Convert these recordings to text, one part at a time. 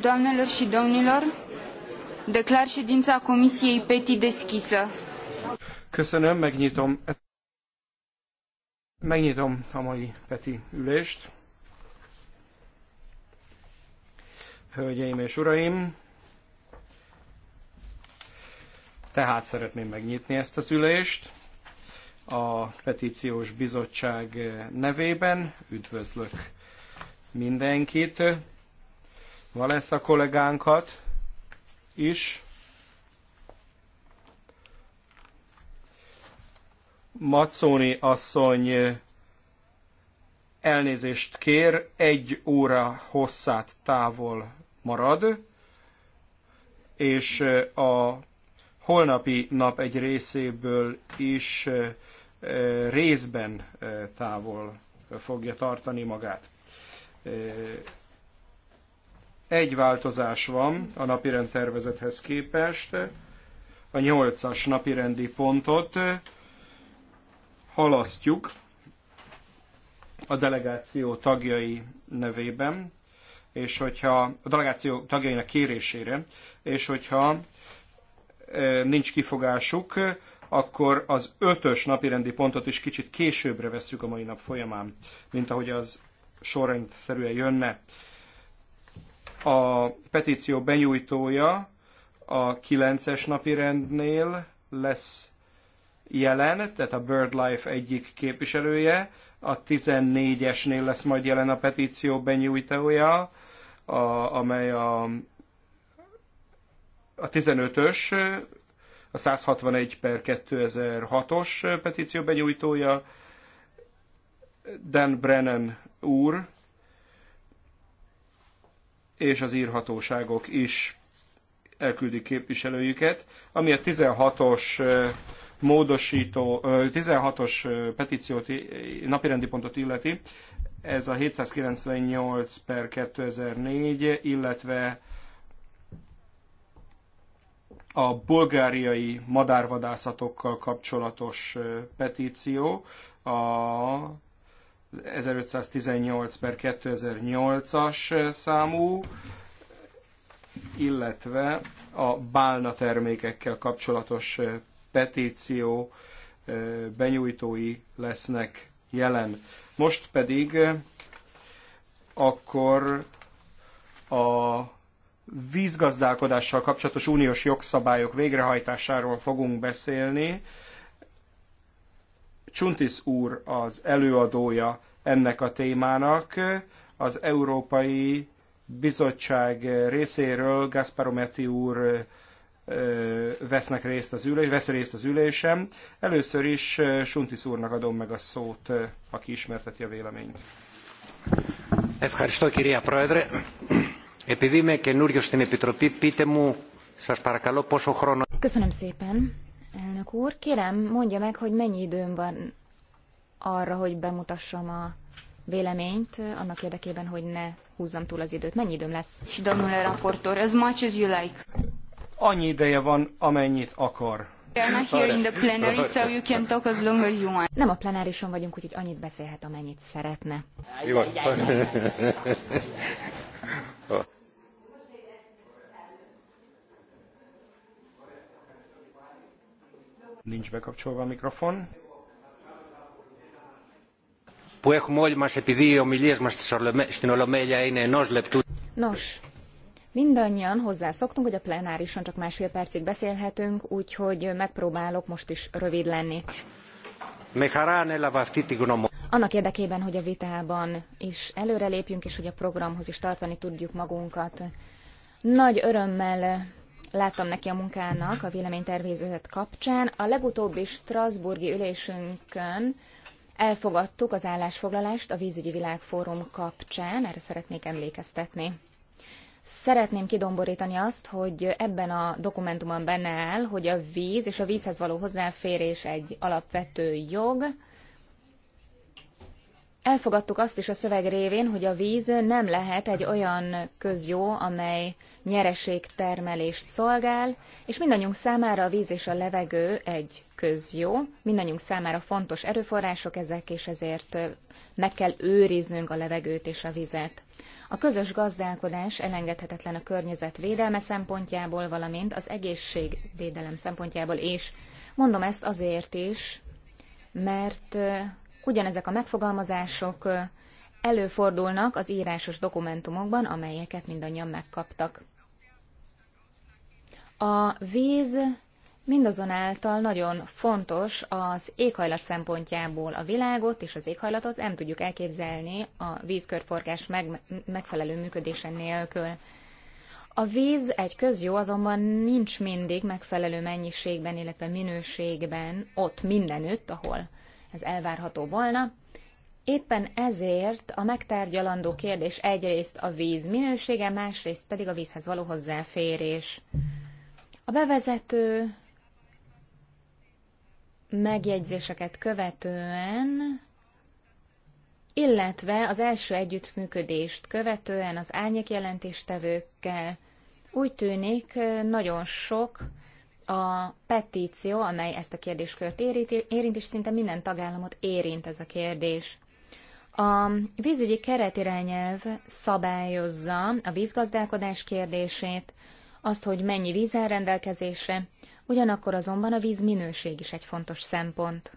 Doamnelor și domnilor, declar ședința Comisiei PETI deschisă. Köszönöm, megnyitom. E- megnyitom a mai PETI ülést. Hölgyeim és uraim, tehát szeretném megnyitni ezt az ülést a Petíciós Bizottság nevében. Üdvözlök mindenkit. Valesza kollégánkat is. Macóni asszony elnézést kér, egy óra hosszát távol marad, és a holnapi nap egy részéből is részben távol fogja tartani magát. Egy változás van a napirend tervezethez képest, a nyolcas napirendi pontot halasztjuk a delegáció tagjai nevében, és hogyha a delegáció tagjainak kérésére, és hogyha e, nincs kifogásuk, akkor az ötös napirendi pontot is kicsit későbbre vesszük a mai nap folyamán, mint ahogy az sorrend szerűen jönne. A petíció benyújtója a kilences napirendnél napi rendnél lesz jelen, tehát a BirdLife egyik képviselője, a 14-esnél lesz majd jelen a petíció benyújtója, a, amely a, a 15-ös, a 161 per 2006-os petíció benyújtója, Dan Brennan úr, és az írhatóságok is elküldik képviselőjüket, ami a 16-os módosító, 16-os petíciót, napirendi pontot illeti, ez a 798 per 2004, illetve a bulgáriai madárvadászatokkal kapcsolatos petíció, a 1518 per 2008-as számú, illetve a bálna termékekkel kapcsolatos petíció benyújtói lesznek jelen. Most pedig akkor a vízgazdálkodással kapcsolatos uniós jogszabályok végrehajtásáról fogunk beszélni. Csuntis úr az előadója ennek a témának. Az Európai Bizottság részéről Gasparometti úr vesznek részt az ülés, vesz részt az ülésem. Először is Suntis úrnak adom meg a szót, aki ismerteti a véleményt. Ευχαριστώ κυρία Πρόεδρε. Επειδή είμαι καινούριο στην Επιτροπή, πείτε μου, σας παρακαλώ, πόσο χρόνο... Köszönöm szépen elnök úr. Kérem, mondja meg, hogy mennyi időm van arra, hogy bemutassam a véleményt, annak érdekében, hogy ne húzzam túl az időt. Mennyi időm lesz? Domnule raportor, as much as you like. Annyi ideje van, amennyit akar. Plenary, so as as Nem a plenárison vagyunk, úgyhogy annyit beszélhet, amennyit szeretne. Jó. Nincs bekapcsolva a mikrofon. Nos, mindannyian hozzászoktunk, hogy a plenárison csak másfél percig beszélhetünk, úgyhogy megpróbálok most is rövid lenni. Annak érdekében, hogy a vitában is előrelépjünk, és hogy a programhoz is tartani tudjuk magunkat. Nagy örömmel láttam neki a munkának a véleménytervezet kapcsán. A legutóbbi Strasburgi ülésünkön elfogadtuk az állásfoglalást a vízügyi világfórum kapcsán, erre szeretnék emlékeztetni. Szeretném kidomborítani azt, hogy ebben a dokumentumban benne áll, hogy a víz és a vízhez való hozzáférés egy alapvető jog, Elfogadtuk azt is a szöveg révén, hogy a víz nem lehet egy olyan közjó, amely nyereségtermelést szolgál, és mindannyiunk számára a víz és a levegő egy közjó, mindannyiunk számára fontos erőforrások ezek, és ezért meg kell őriznünk a levegőt és a vizet. A közös gazdálkodás elengedhetetlen a környezet védelme szempontjából, valamint az egészségvédelem szempontjából is. Mondom ezt azért is, mert Ugyanezek a megfogalmazások előfordulnak az írásos dokumentumokban, amelyeket mindannyian megkaptak. A víz mindazonáltal nagyon fontos az éghajlat szempontjából a világot és az éghajlatot nem tudjuk elképzelni a vízkörforgás meg, megfelelő működése nélkül. A víz egy közjó, azonban nincs mindig megfelelő mennyiségben, illetve minőségben ott mindenütt, ahol ez elvárható volna. Éppen ezért a megtárgyalandó kérdés egyrészt a víz minősége, másrészt pedig a vízhez való hozzáférés. A bevezető megjegyzéseket követően, illetve az első együttműködést követően az árnyék jelentéstevőkkel úgy tűnik nagyon sok a petíció, amely ezt a kérdéskört érinti, érint, és szinte minden tagállamot érint ez a kérdés. A vízügyi keretirányelv szabályozza a vízgazdálkodás kérdését, azt, hogy mennyi víz áll rendelkezésre, ugyanakkor azonban a víz minőség is egy fontos szempont.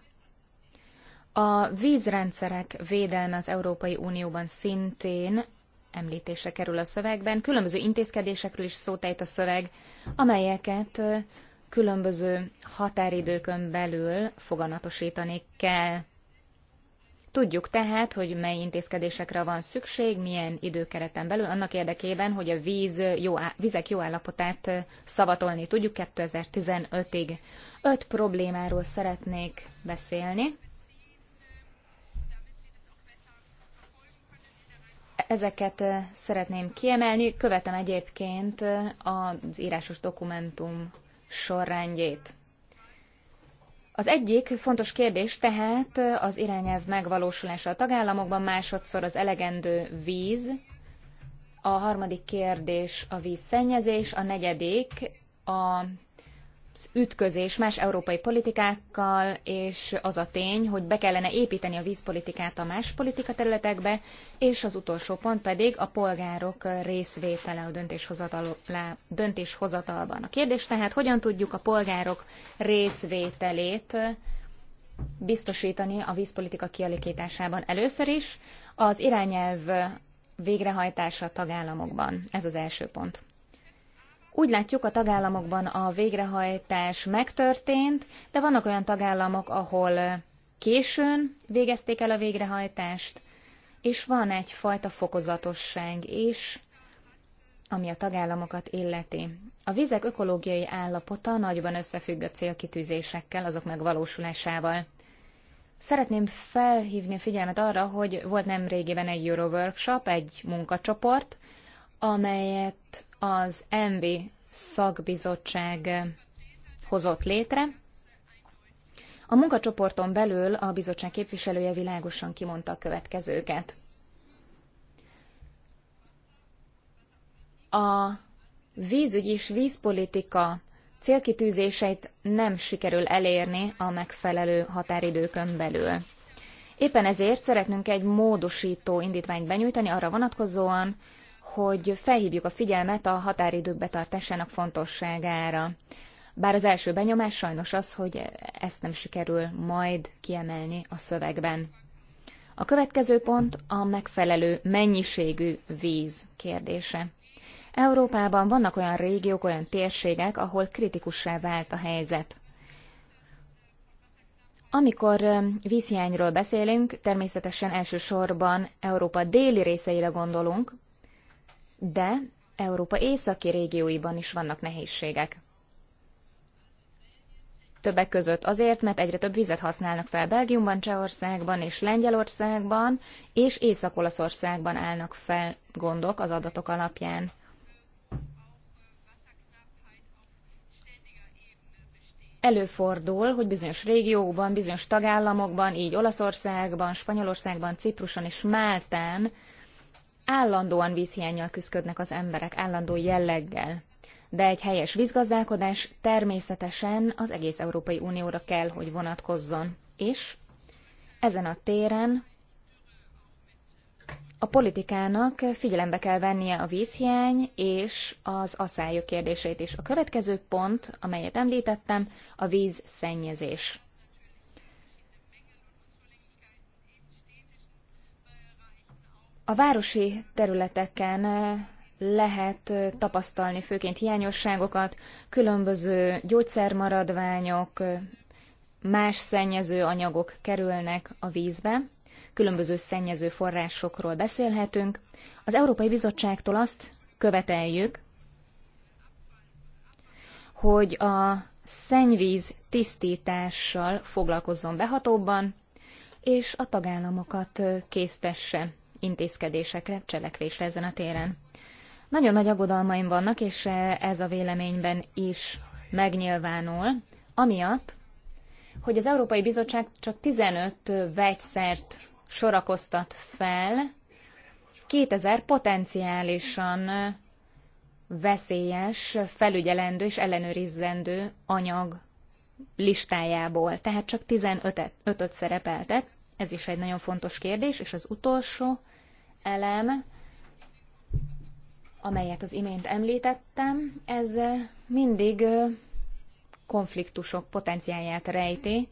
A vízrendszerek védelme az Európai Unióban szintén említésre kerül a szövegben, különböző intézkedésekről is szótejt a szöveg, amelyeket különböző határidőkön belül foganatosítani kell. Tudjuk tehát, hogy mely intézkedésekre van szükség, milyen időkereten belül, annak érdekében, hogy a víz jó, vizek jó állapotát szavatolni tudjuk 2015-ig. Öt problémáról szeretnék beszélni. Ezeket szeretném kiemelni, követem egyébként az írásos dokumentum sorrendjét. Az egyik fontos kérdés tehát az irányelv megvalósulása a tagállamokban, másodszor az elegendő víz, a harmadik kérdés a vízszennyezés, a negyedik a ütközés más európai politikákkal, és az a tény, hogy be kellene építeni a vízpolitikát a más politikaterületekbe, és az utolsó pont pedig a polgárok részvétele a döntéshozatalban. A kérdés tehát, hogyan tudjuk a polgárok részvételét biztosítani a vízpolitika kialakításában először is, az irányelv végrehajtása a tagállamokban. Ez az első pont. Úgy látjuk, a tagállamokban a végrehajtás megtörtént, de vannak olyan tagállamok, ahol későn végezték el a végrehajtást, és van egyfajta fokozatosság is, ami a tagállamokat illeti. A vizek ökológiai állapota nagyban összefügg a célkitűzésekkel, azok megvalósulásával. Szeretném felhívni a figyelmet arra, hogy volt nem régiben egy Euro Workshop, egy munkacsoport, amelyet az ENVI szakbizottság hozott létre. A munkacsoporton belül a bizottság képviselője világosan kimondta a következőket. A vízügy és vízpolitika célkitűzéseit nem sikerül elérni a megfelelő határidőkön belül. Éppen ezért szeretnünk egy módosító indítványt benyújtani arra vonatkozóan, hogy felhívjuk a figyelmet a határidők betartásának fontosságára. Bár az első benyomás sajnos az, hogy ezt nem sikerül majd kiemelni a szövegben. A következő pont a megfelelő mennyiségű víz kérdése. Európában vannak olyan régiók, olyan térségek, ahol kritikussá vált a helyzet. Amikor vízhiányról beszélünk, természetesen elsősorban Európa déli részeire gondolunk, de Európa északi régióiban is vannak nehézségek. Többek között azért, mert egyre több vizet használnak fel Belgiumban, Csehországban és Lengyelországban, és Észak-Olaszországban állnak fel gondok az adatok alapján. Előfordul, hogy bizonyos régiókban, bizonyos tagállamokban, így Olaszországban, Spanyolországban, Cipruson és Máltán állandóan vízhiányjal küzdködnek az emberek, állandó jelleggel. De egy helyes vízgazdálkodás természetesen az egész Európai Unióra kell, hogy vonatkozzon. És ezen a téren a politikának figyelembe kell vennie a vízhiány és az aszályok kérdését is. A következő pont, amelyet említettem, a vízszennyezés. A városi területeken lehet tapasztalni főként hiányosságokat, különböző gyógyszermaradványok, más szennyező anyagok kerülnek a vízbe, különböző szennyező forrásokról beszélhetünk. Az Európai Bizottságtól azt követeljük, hogy a szennyvíz tisztítással foglalkozzon behatóbban, és a tagállamokat késztesse intézkedésekre, cselekvésre ezen a téren. Nagyon nagy aggodalmaim vannak, és ez a véleményben is megnyilvánul, amiatt, hogy az Európai Bizottság csak 15 vegyszert sorakoztat fel, 2000 potenciálisan veszélyes, felügyelendő és ellenőrizzendő anyag listájából. Tehát csak 15-öt szerepeltek. Ez is egy nagyon fontos kérdés, és az utolsó elem, amelyet az imént említettem, ez mindig konfliktusok potenciáját rejti.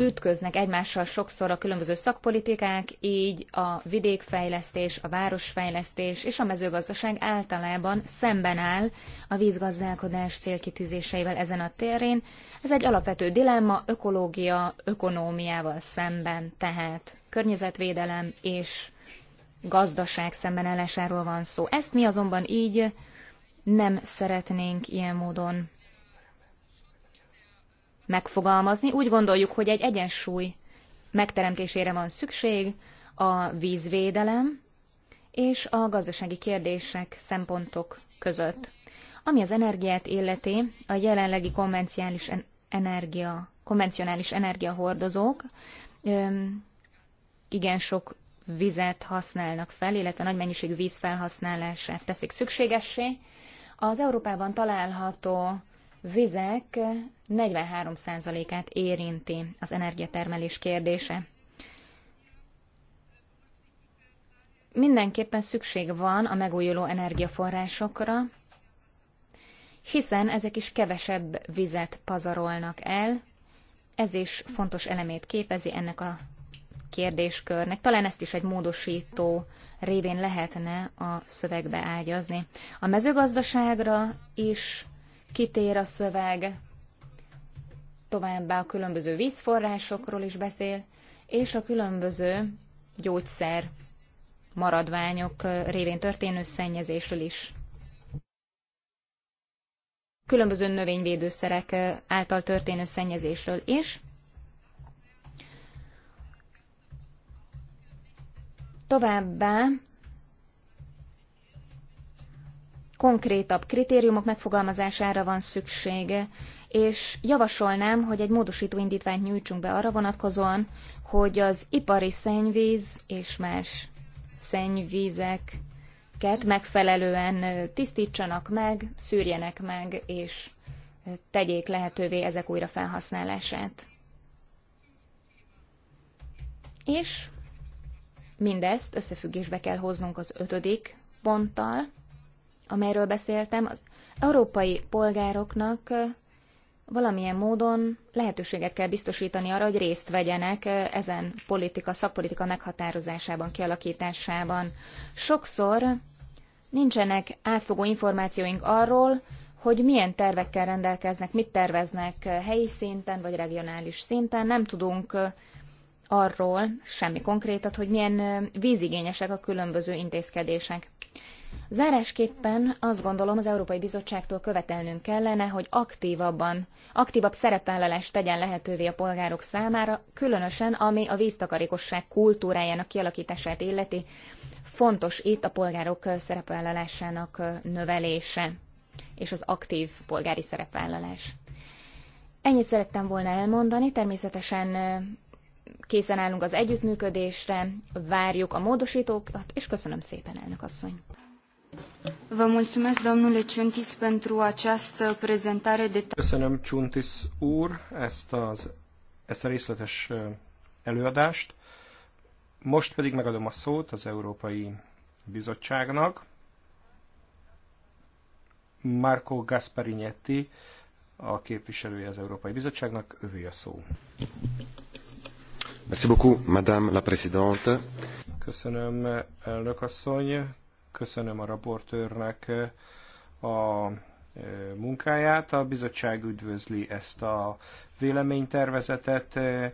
Ütköznek egymással sokszor a különböző szakpolitikák, így a vidékfejlesztés, a városfejlesztés és a mezőgazdaság általában szemben áll a vízgazdálkodás célkitűzéseivel ezen a térén. Ez egy alapvető dilemma ökológia, ökonómiával szemben, tehát környezetvédelem és gazdaság szembenállásáról van szó. Ezt mi azonban így nem szeretnénk ilyen módon megfogalmazni. Úgy gondoljuk, hogy egy egyensúly megteremtésére van szükség, a vízvédelem és a gazdasági kérdések, szempontok között. Ami az energiát illeti, a jelenlegi konvenciális energia, konvencionális energiahordozók igen sok vizet használnak fel, illetve nagy mennyiségű víz felhasználását teszik szükségessé. Az Európában található vizek 43%-át érinti az energiatermelés kérdése. Mindenképpen szükség van a megújuló energiaforrásokra, hiszen ezek is kevesebb vizet pazarolnak el, ez is fontos elemét képezi ennek a kérdéskörnek. Talán ezt is egy módosító révén lehetne a szövegbe ágyazni. A mezőgazdaságra is kitér a szöveg, továbbá a különböző vízforrásokról is beszél, és a különböző gyógyszer maradványok révén történő szennyezésről is. Különböző növényvédőszerek által történő szennyezésről is, Továbbá konkrétabb kritériumok megfogalmazására van szüksége, és javasolnám, hogy egy módosító indítványt nyújtsunk be arra vonatkozóan, hogy az ipari szennyvíz és más szennyvízeket megfelelően tisztítsanak meg, szűrjenek meg, és tegyék lehetővé ezek újra felhasználását. És Mindezt összefüggésbe kell hoznunk az ötödik ponttal, amelyről beszéltem, az európai polgároknak valamilyen módon lehetőséget kell biztosítani arra, hogy részt vegyenek ezen politika, szakpolitika meghatározásában, kialakításában. Sokszor nincsenek átfogó információink arról, hogy milyen tervekkel rendelkeznek, mit terveznek helyi szinten vagy regionális szinten. Nem tudunk arról semmi konkrétat, hogy milyen vízigényesek a különböző intézkedések. Zárásképpen azt gondolom az Európai Bizottságtól követelnünk kellene, hogy aktívabban, aktívabb szerepvállalást tegyen lehetővé a polgárok számára, különösen ami a víztakarékosság kultúrájának kialakítását illeti. Fontos itt a polgárok szerepvállalásának növelése és az aktív polgári szerepvállalás. Ennyit szerettem volna elmondani, természetesen készen állunk az együttműködésre, várjuk a módosítókat, és köszönöm szépen, elnök asszony! Vă mulțumesc, domnule Ciuntis, pentru această prezentare de... Köszönöm, Ciuntis úr, ezt, az, ezt a részletes előadást. Most pedig megadom a szót az Európai Bizottságnak. Marco Gasparinetti, a képviselője az Európai Bizottságnak, övé a szó. Merci beaucoup, Madame la Présidente. Köszönöm, elnök asszony. Köszönöm a raportőrnek a e, munkáját. A bizottság üdvözli ezt a véleménytervezetet, e,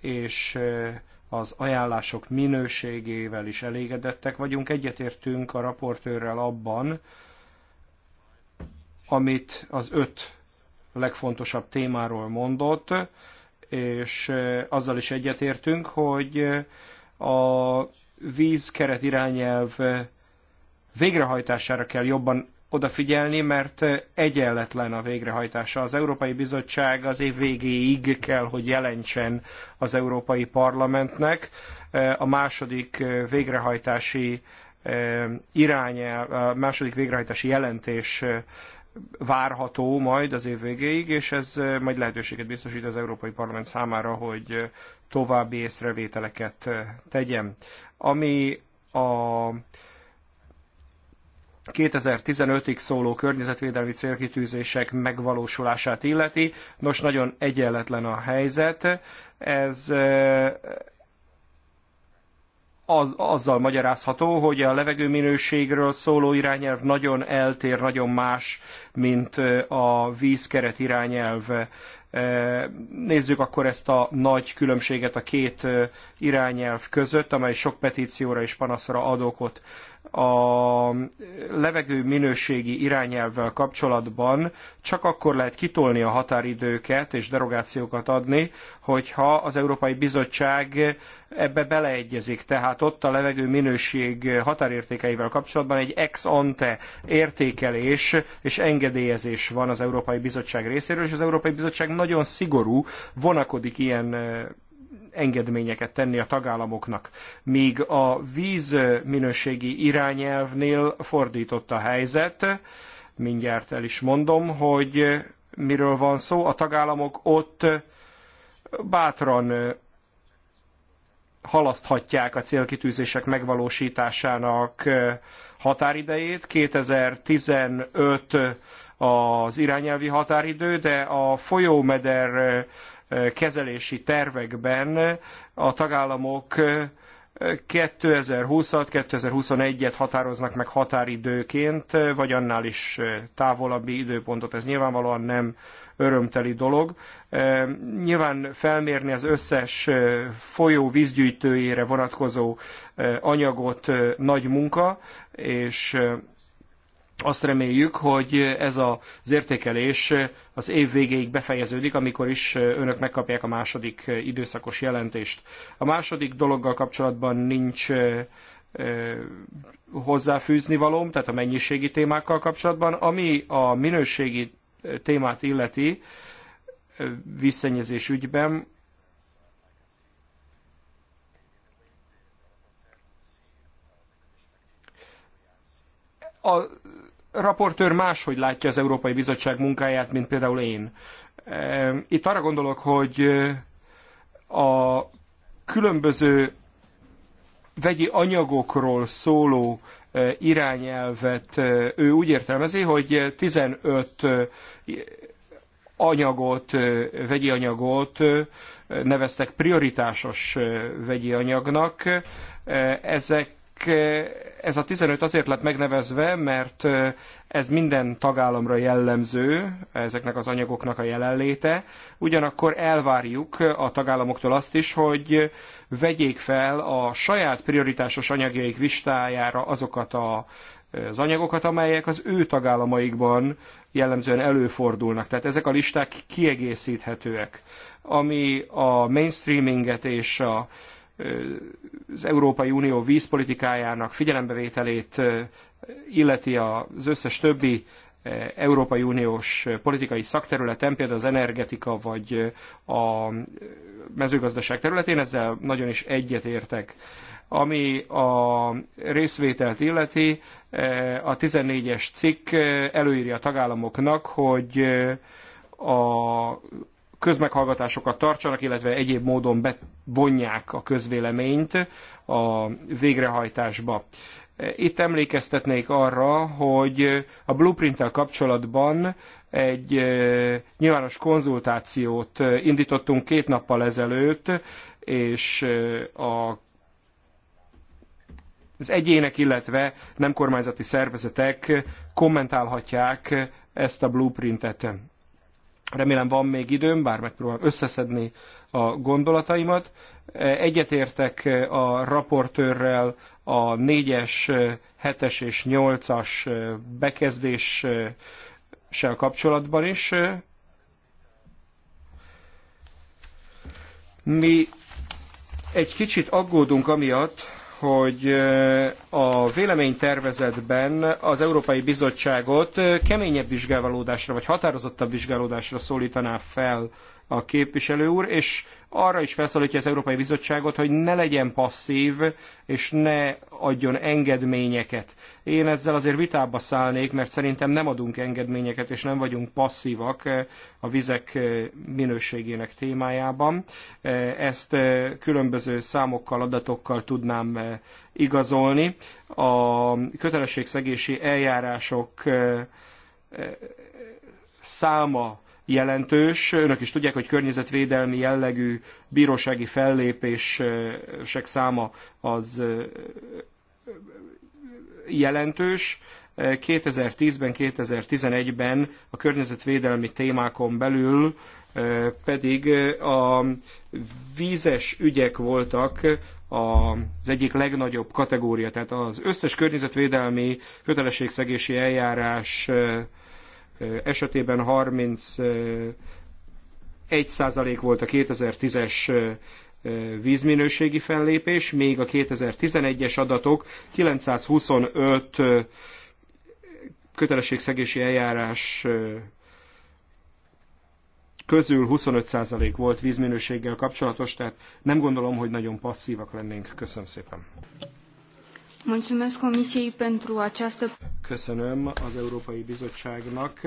és e, az ajánlások minőségével is elégedettek vagyunk. Egyetértünk a raportőrrel abban, amit az öt legfontosabb témáról mondott, és azzal is egyetértünk, hogy a vízkeret irányelv végrehajtására kell jobban odafigyelni, mert egyenletlen a végrehajtása. Az Európai Bizottság az év végéig kell, hogy jelentsen az Európai Parlamentnek. A második végrehajtási irányelv, a második végrehajtási jelentés várható majd az év végéig, és ez eh, majd lehetőséget biztosít az Európai Parlament számára, hogy eh, további észrevételeket eh, tegyen. Ami a 2015-ig szóló környezetvédelmi célkitűzések megvalósulását illeti. Nos, nagyon egyenletlen a helyzet. Ez az, azzal magyarázható, hogy a levegőminőségről szóló irányelv nagyon eltér, nagyon más, mint a vízkeret irányelv. Nézzük akkor ezt a nagy különbséget a két irányelv között, amely sok petícióra és panaszra ad okot a levegő minőségi irányelvvel kapcsolatban csak akkor lehet kitolni a határidőket és derogációkat adni, hogyha az Európai Bizottság ebbe beleegyezik. Tehát ott a levegő minőség határértékeivel kapcsolatban egy ex ante értékelés és engedélyezés van az Európai Bizottság részéről, és az Európai Bizottság nagyon szigorú, vonakodik ilyen engedményeket tenni a tagállamoknak. Míg a minőségi irányelvnél fordított a helyzet, mindjárt el is mondom, hogy miről van szó, a tagállamok ott bátran halaszthatják a célkitűzések megvalósításának határidejét. 2015 az irányelvi határidő, de a folyómeder kezelési tervekben a tagállamok 2020-at, 2021-et határoznak meg határidőként, vagy annál is távolabbi időpontot. Ez nyilvánvalóan nem örömteli dolog. Nyilván felmérni az összes folyó vízgyűjtőjére vonatkozó anyagot nagy munka, és azt reméljük, hogy ez az értékelés az év végéig befejeződik, amikor is önök megkapják a második időszakos jelentést. A második dologgal kapcsolatban nincs hozzáfűzni valóm, tehát a mennyiségi témákkal kapcsolatban. Ami a minőségi témát illeti visszanyezés ügyben, a raportőr máshogy látja az Európai Bizottság munkáját, mint például én. Itt arra gondolok, hogy a különböző vegyi anyagokról szóló irányelvet ő úgy értelmezi, hogy 15 anyagot, vegyi anyagot neveztek prioritásos vegyi anyagnak. Ezek Eh, ez a 15 azért lett megnevezve, mert eh, ez minden tagállamra jellemző, ezeknek az anyagoknak a jelenléte. Ugyanakkor elvárjuk a tagállamoktól azt is, hogy vegyék fel a saját prioritásos anyagjaik listájára azokat a az anyagokat, amelyek az ő tagállamaikban jellemzően előfordulnak. Tehát ezek a listák kiegészíthetőek. Ami a mainstreaminget és a az Európai Unió vízpolitikájának figyelembevételét illeti az összes többi Európai Uniós politikai szakterületen, például az energetika vagy a mezőgazdaság területén, ezzel nagyon is egyetértek. Ami a részvételt illeti, a 14-es cikk előírja a tagállamoknak, hogy a közmeghallgatásokat tartsanak, illetve egyéb módon bevonják a közvéleményt a végrehajtásba. Itt emlékeztetnék arra, hogy a blueprinttel kapcsolatban egy nyilvános konzultációt indítottunk két nappal ezelőtt, és a az egyének, illetve nem kormányzati szervezetek kommentálhatják ezt a blueprintet. Remélem van még időm, bár megpróbálom összeszedni a gondolataimat. E, egyetértek e, a raportőrrel a 4-es, 7-es e, és 8-as bekezdéssel kapcsolatban is. Mi egy kicsit aggódunk amiatt, hogy a véleménytervezetben az Európai Bizottságot keményebb vizsgálódásra, vagy határozottabb vizsgálódásra szólítaná fel a képviselő úr, és arra is felszólítja az Európai Bizottságot, hogy ne legyen passzív, és ne adjon engedményeket. Én ezzel azért vitába szállnék, mert szerintem nem adunk engedményeket, és nem vagyunk passzívak eh, a vizek eh, minőségének témájában. Eh, ezt különböző számokkal, adatokkal tudnám igazolni. A kötelességszegési eljárások száma jelentős. Önök is tudják, hogy környezetvédelmi jellegű bírósági fellépések száma az jelentős. 2010-ben, 2011-ben a környezetvédelmi témákon belül pedig a vízes ügyek voltak az egyik legnagyobb kategória. Tehát az összes környezetvédelmi kötelességszegési eljárás esetében 31 volt a 2010-es vízminőségi fellépés, még a 2011-es adatok 925 kötelességszegési eljárás közül 25% volt vízminőséggel kapcsolatos, tehát nem gondolom, hogy nagyon passzívak lennénk. Köszönöm szépen. Mulțumesc Comisiei pentru această... Köszönöm az Európai Bizottságnak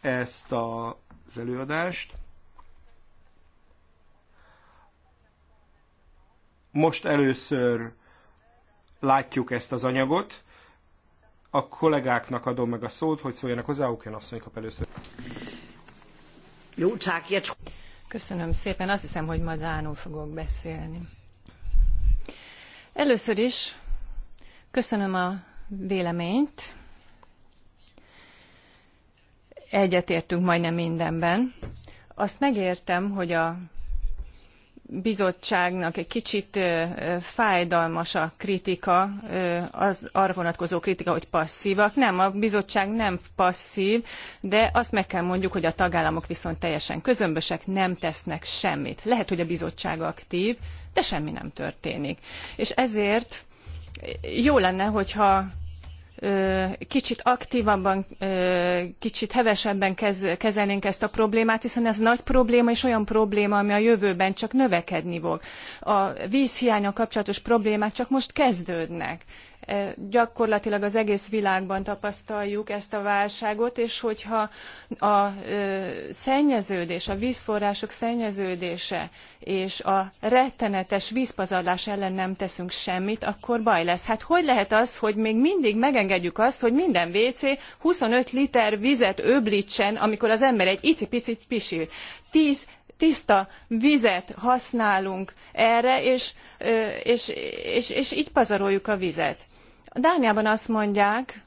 ezt az előadást. Most először látjuk ezt az anyagot. A kollégáknak adom meg a szót, hogy szóljanak hozzá. Oké, asszony kap először. Köszönöm szépen. Azt hiszem, hogy ma Dánul fogok beszélni. Először is Köszönöm a véleményt. Egyetértünk majdnem mindenben. Azt megértem, hogy a bizottságnak egy kicsit fájdalmas a kritika, az arra vonatkozó kritika, hogy passzívak. Nem, a bizottság nem passzív, de azt meg kell mondjuk, hogy a tagállamok viszont teljesen közömbösek, nem tesznek semmit. Lehet, hogy a bizottság aktív, de semmi nem történik. És ezért jó lenne, hogyha kicsit aktívabban, kicsit hevesebben kezelnénk ezt a problémát, hiszen ez nagy probléma és olyan probléma, ami a jövőben csak növekedni fog. A vízhiánya kapcsolatos problémák csak most kezdődnek E, gyakorlatilag az egész világban tapasztaljuk ezt a válságot, és hogyha a e, szennyeződés, a vízforrások szennyeződése és a rettenetes vízpazarlás ellen nem teszünk semmit, akkor baj lesz. Hát hogy lehet az, hogy még mindig megengedjük azt, hogy minden WC 25 liter vizet öblítsen, amikor az ember egy icipicit pisil. 10 tiszta vizet használunk erre, és, és, és, és így pazaroljuk a vizet. Dániában azt mondják,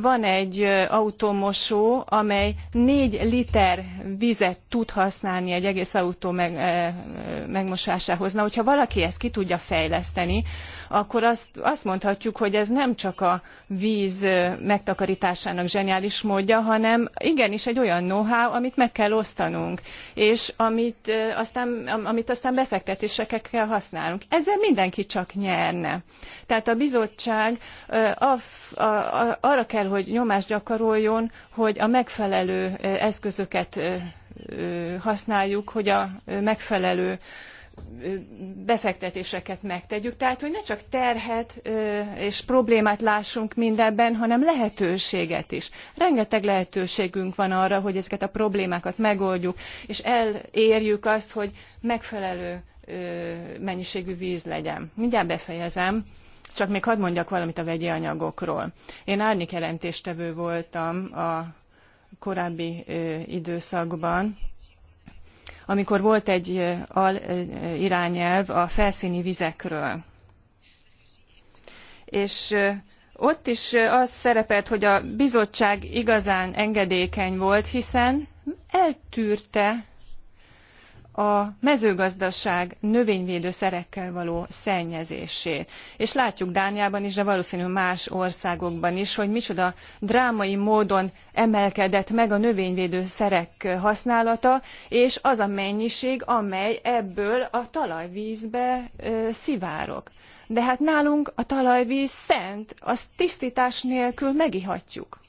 van egy automosó, amely négy liter vizet tud használni egy egész autó meg, megmosásához. Na, hogyha valaki ezt ki tudja fejleszteni, akkor azt, azt mondhatjuk, hogy ez nem csak a víz megtakarításának zseniális módja, hanem igenis egy olyan know-how, amit meg kell osztanunk, és amit aztán, amit aztán befektetésekkel kell használnunk. Ezzel mindenki csak nyerne. Tehát a bizottság a, a, a arra kell, hogy nyomást gyakoroljon, hogy a megfelelő eszközöket használjuk, hogy a megfelelő befektetéseket megtegyük. Tehát, hogy ne csak terhet és problémát lássunk mindenben, hanem lehetőséget is. Rengeteg lehetőségünk van arra, hogy ezeket a problémákat megoldjuk, és elérjük azt, hogy megfelelő mennyiségű víz legyen. Mindjárt befejezem csak még hadd mondjak valamit a vegyi anyagokról. Én árnyék jelentéstevő voltam a korábbi időszakban, amikor volt egy al irányelv a felszíni vizekről. És ott is az szerepelt, hogy a bizottság igazán engedékeny volt, hiszen eltűrte a mezőgazdaság növényvédőszerekkel való szennyezését. És látjuk Dániában is, de valószínűleg más országokban is, hogy micsoda drámai módon emelkedett meg a növényvédőszerek használata, és az a mennyiség, amely ebből a talajvízbe szivárog. De hát nálunk a talajvíz szent, azt tisztítás nélkül megihatjuk.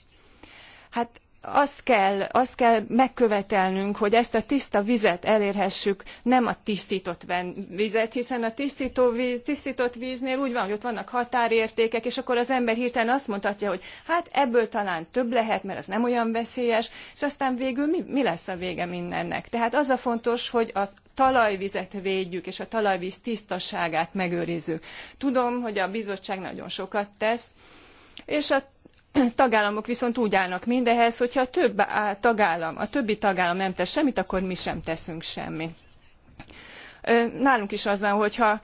Hát azt kell, azt kell megkövetelnünk, hogy ezt a tiszta vizet elérhessük, nem a tisztított vizet, hiszen a tisztító víz, tisztított víznél úgy van, hogy ott vannak határértékek, és akkor az ember hirtelen azt mondhatja, hogy hát ebből talán több lehet, mert az nem olyan veszélyes, és aztán végül mi, mi lesz a vége mindennek. Tehát az a fontos, hogy a talajvizet védjük, és a talajvíz tisztaságát megőrizzük. Tudom, hogy a bizottság nagyon sokat tesz, és a tagállamok viszont úgy állnak mindehez, hogy a, több tagállam, a többi tagállam nem tesz semmit, akkor mi sem teszünk semmit. Nálunk is az van, hogyha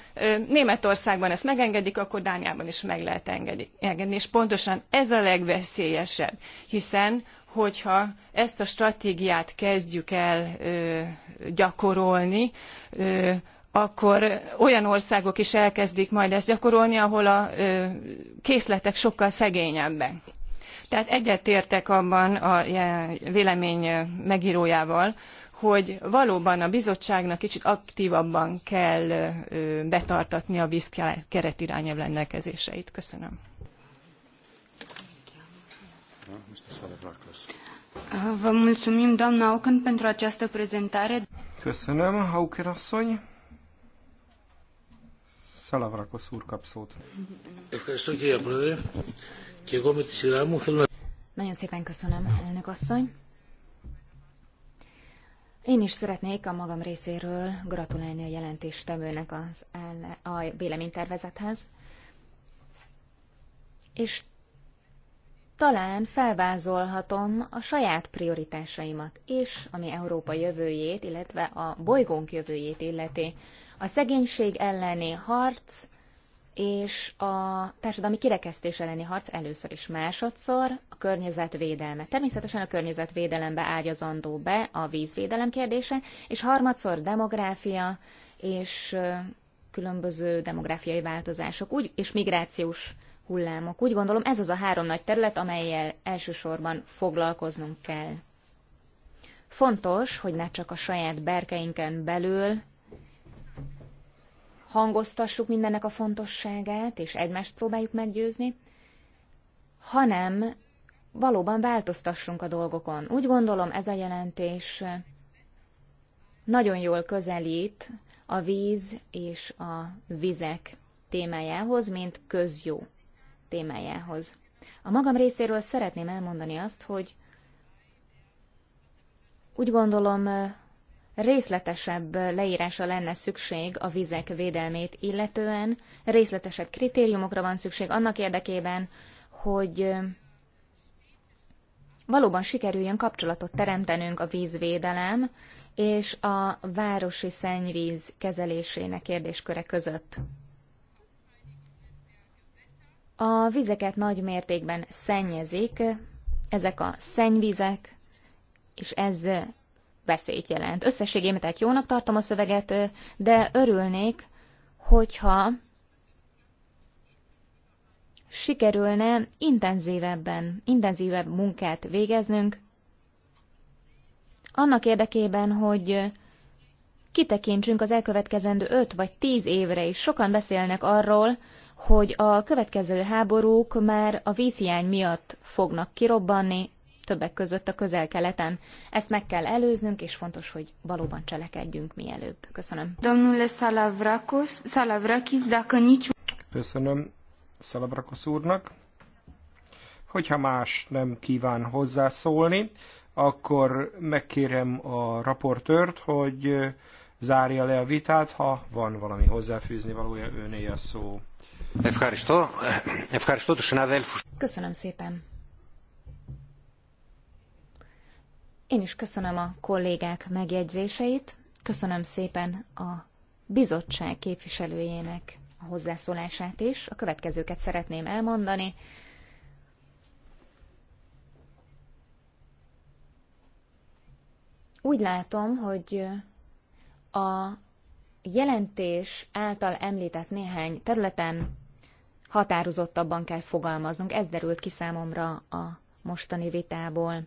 Németországban ezt megengedik, akkor Dániában is meg lehet engedni. És pontosan ez a legveszélyesebb, hiszen hogyha ezt a stratégiát kezdjük el gyakorolni, akkor olyan országok is elkezdik majd ezt gyakorolni, ahol a készletek sokkal szegényebbek tehát egyetértek abban a vélemény megírójával, hogy valóban a bizottságnak kicsit aktívabban kell betartatni a víz keretirányelv rendelkezéseit. Köszönöm. Vă mulțumim, doamna Ocan, pentru această prezentare. Köszönöm, Hauker asszony. Szalavrakos úr kap szót. Köszönöm, nagyon szépen köszönöm, elnök asszony. Én is szeretnék a magam részéről gratulálni a jelentéstevőnek az ellen, a véleménytervezethez, és talán felvázolhatom a saját prioritásaimat és ami Európa jövőjét, illetve a bolygónk jövőjét illeti. A szegénység elleni harc, és a társadalmi kirekesztés elleni harc először is másodszor, a környezetvédelme. Természetesen a környezetvédelembe ágyazandó be a vízvédelem kérdése, és harmadszor demográfia és különböző demográfiai változások úgy, és migrációs hullámok. Úgy gondolom ez az a három nagy terület, amelyel elsősorban foglalkoznunk kell. Fontos, hogy ne csak a saját berkeinken belül hangoztassuk mindennek a fontosságát, és egymást próbáljuk meggyőzni, hanem valóban változtassunk a dolgokon. Úgy gondolom, ez a jelentés nagyon jól közelít a víz és a vizek témájához, mint közjó témájához. A magam részéről szeretném elmondani azt, hogy úgy gondolom, részletesebb leírása lenne szükség a vizek védelmét illetően, részletesebb kritériumokra van szükség annak érdekében, hogy valóban sikerüljön kapcsolatot teremtenünk a vízvédelem és a városi szennyvíz kezelésének kérdésköre között. A vizeket nagy mértékben szennyezik, ezek a szennyvizek, és ez veszélyt jelent. Összességében tehát jónak tartom a szöveget, de örülnék, hogyha sikerülne intenzívebben, intenzívebb munkát végeznünk, annak érdekében, hogy kitekintsünk az elkövetkezendő 5 vagy 10 évre is. Sokan beszélnek arról, hogy a következő háborúk már a vízhiány miatt fognak kirobbanni, többek között a közel-keleten. Ezt meg kell előznünk, és fontos, hogy valóban cselekedjünk mielőbb. Köszönöm. Domnule Salavrakos, Salavrakis, dacă nincs... Köszönöm Salavrakos úrnak. Hogyha más nem kíván hozzászólni, akkor megkérem a raportőrt, hogy zárja le a vitát, ha van valami hozzáfűzni valója, öné a szó. Köszönöm szépen. Én is köszönöm a kollégák megjegyzéseit, köszönöm szépen a bizottság képviselőjének a hozzászólását is. A következőket szeretném elmondani. Úgy látom, hogy a jelentés által említett néhány területen határozottabban kell fogalmaznunk. Ez derült ki számomra a mostani vitából.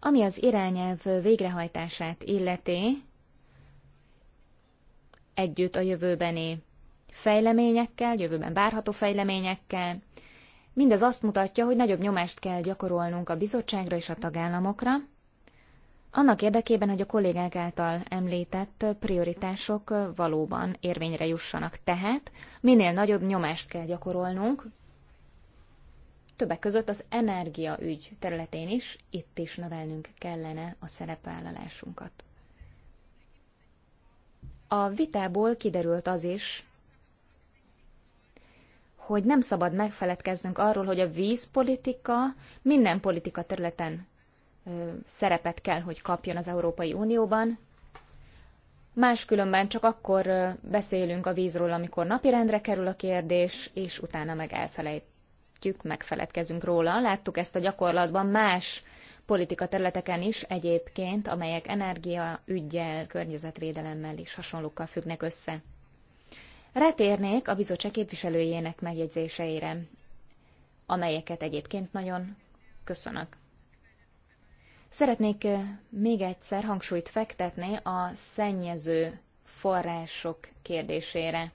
Ami az irányelv végrehajtását illeti, együtt a jövőbeni fejleményekkel, jövőben várható fejleményekkel, mindez azt mutatja, hogy nagyobb nyomást kell gyakorolnunk a bizottságra és a tagállamokra, annak érdekében, hogy a kollégák által említett prioritások valóban érvényre jussanak. Tehát minél nagyobb nyomást kell gyakorolnunk többek között az energiaügy területén is, itt is növelnünk kellene a szerepvállalásunkat. A vitából kiderült az is, hogy nem szabad megfeledkeznünk arról, hogy a vízpolitika minden politika területen ö, szerepet kell, hogy kapjon az Európai Unióban. Máskülönben csak akkor beszélünk a vízről, amikor napirendre kerül a kérdés, és utána meg elfelejt, elfelejtjük, megfeledkezünk róla. Láttuk ezt a gyakorlatban más politika területeken is egyébként, amelyek energia, ügyel, környezetvédelemmel és hasonlókkal függnek össze. Retérnék a bizottság képviselőjének megjegyzéseire, amelyeket egyébként nagyon köszönök. Szeretnék eh, még egyszer hangsúlyt fektetni a szennyező források kérdésére.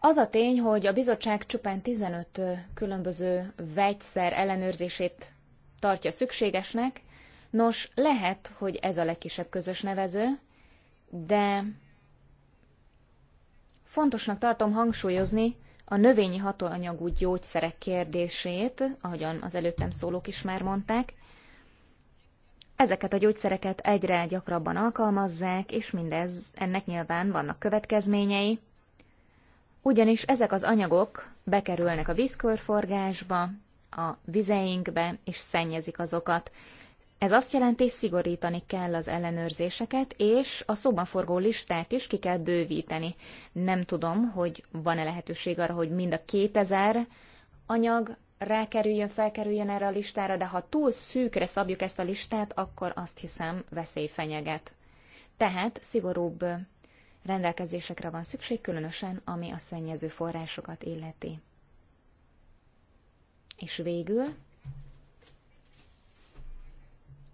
Az a tény, hogy a bizottság csupán 15 különböző vegyszer ellenőrzését tartja szükségesnek, nos, lehet, hogy ez a legkisebb közös nevező, de fontosnak tartom hangsúlyozni a növényi hatóanyagú gyógyszerek kérdését, ahogyan az előttem szólók is már mondták. Ezeket a gyógyszereket egyre gyakrabban alkalmazzák, és mindez ennek nyilván vannak következményei, ugyanis ezek az anyagok bekerülnek a vízkörforgásba, a vizeinkbe, és szennyezik azokat. Ez azt jelenti, hogy szigorítani kell az ellenőrzéseket, és a szóban forgó listát is ki kell bővíteni. Nem tudom, hogy van-e lehetőség arra, hogy mind a 2000 anyag rákerüljön, felkerüljön erre a listára, de ha túl szűkre szabjuk ezt a listát, akkor azt hiszem veszély fenyeget. Tehát szigorúbb rendelkezésekre van szükség, különösen ami a szennyező forrásokat illeti. És végül,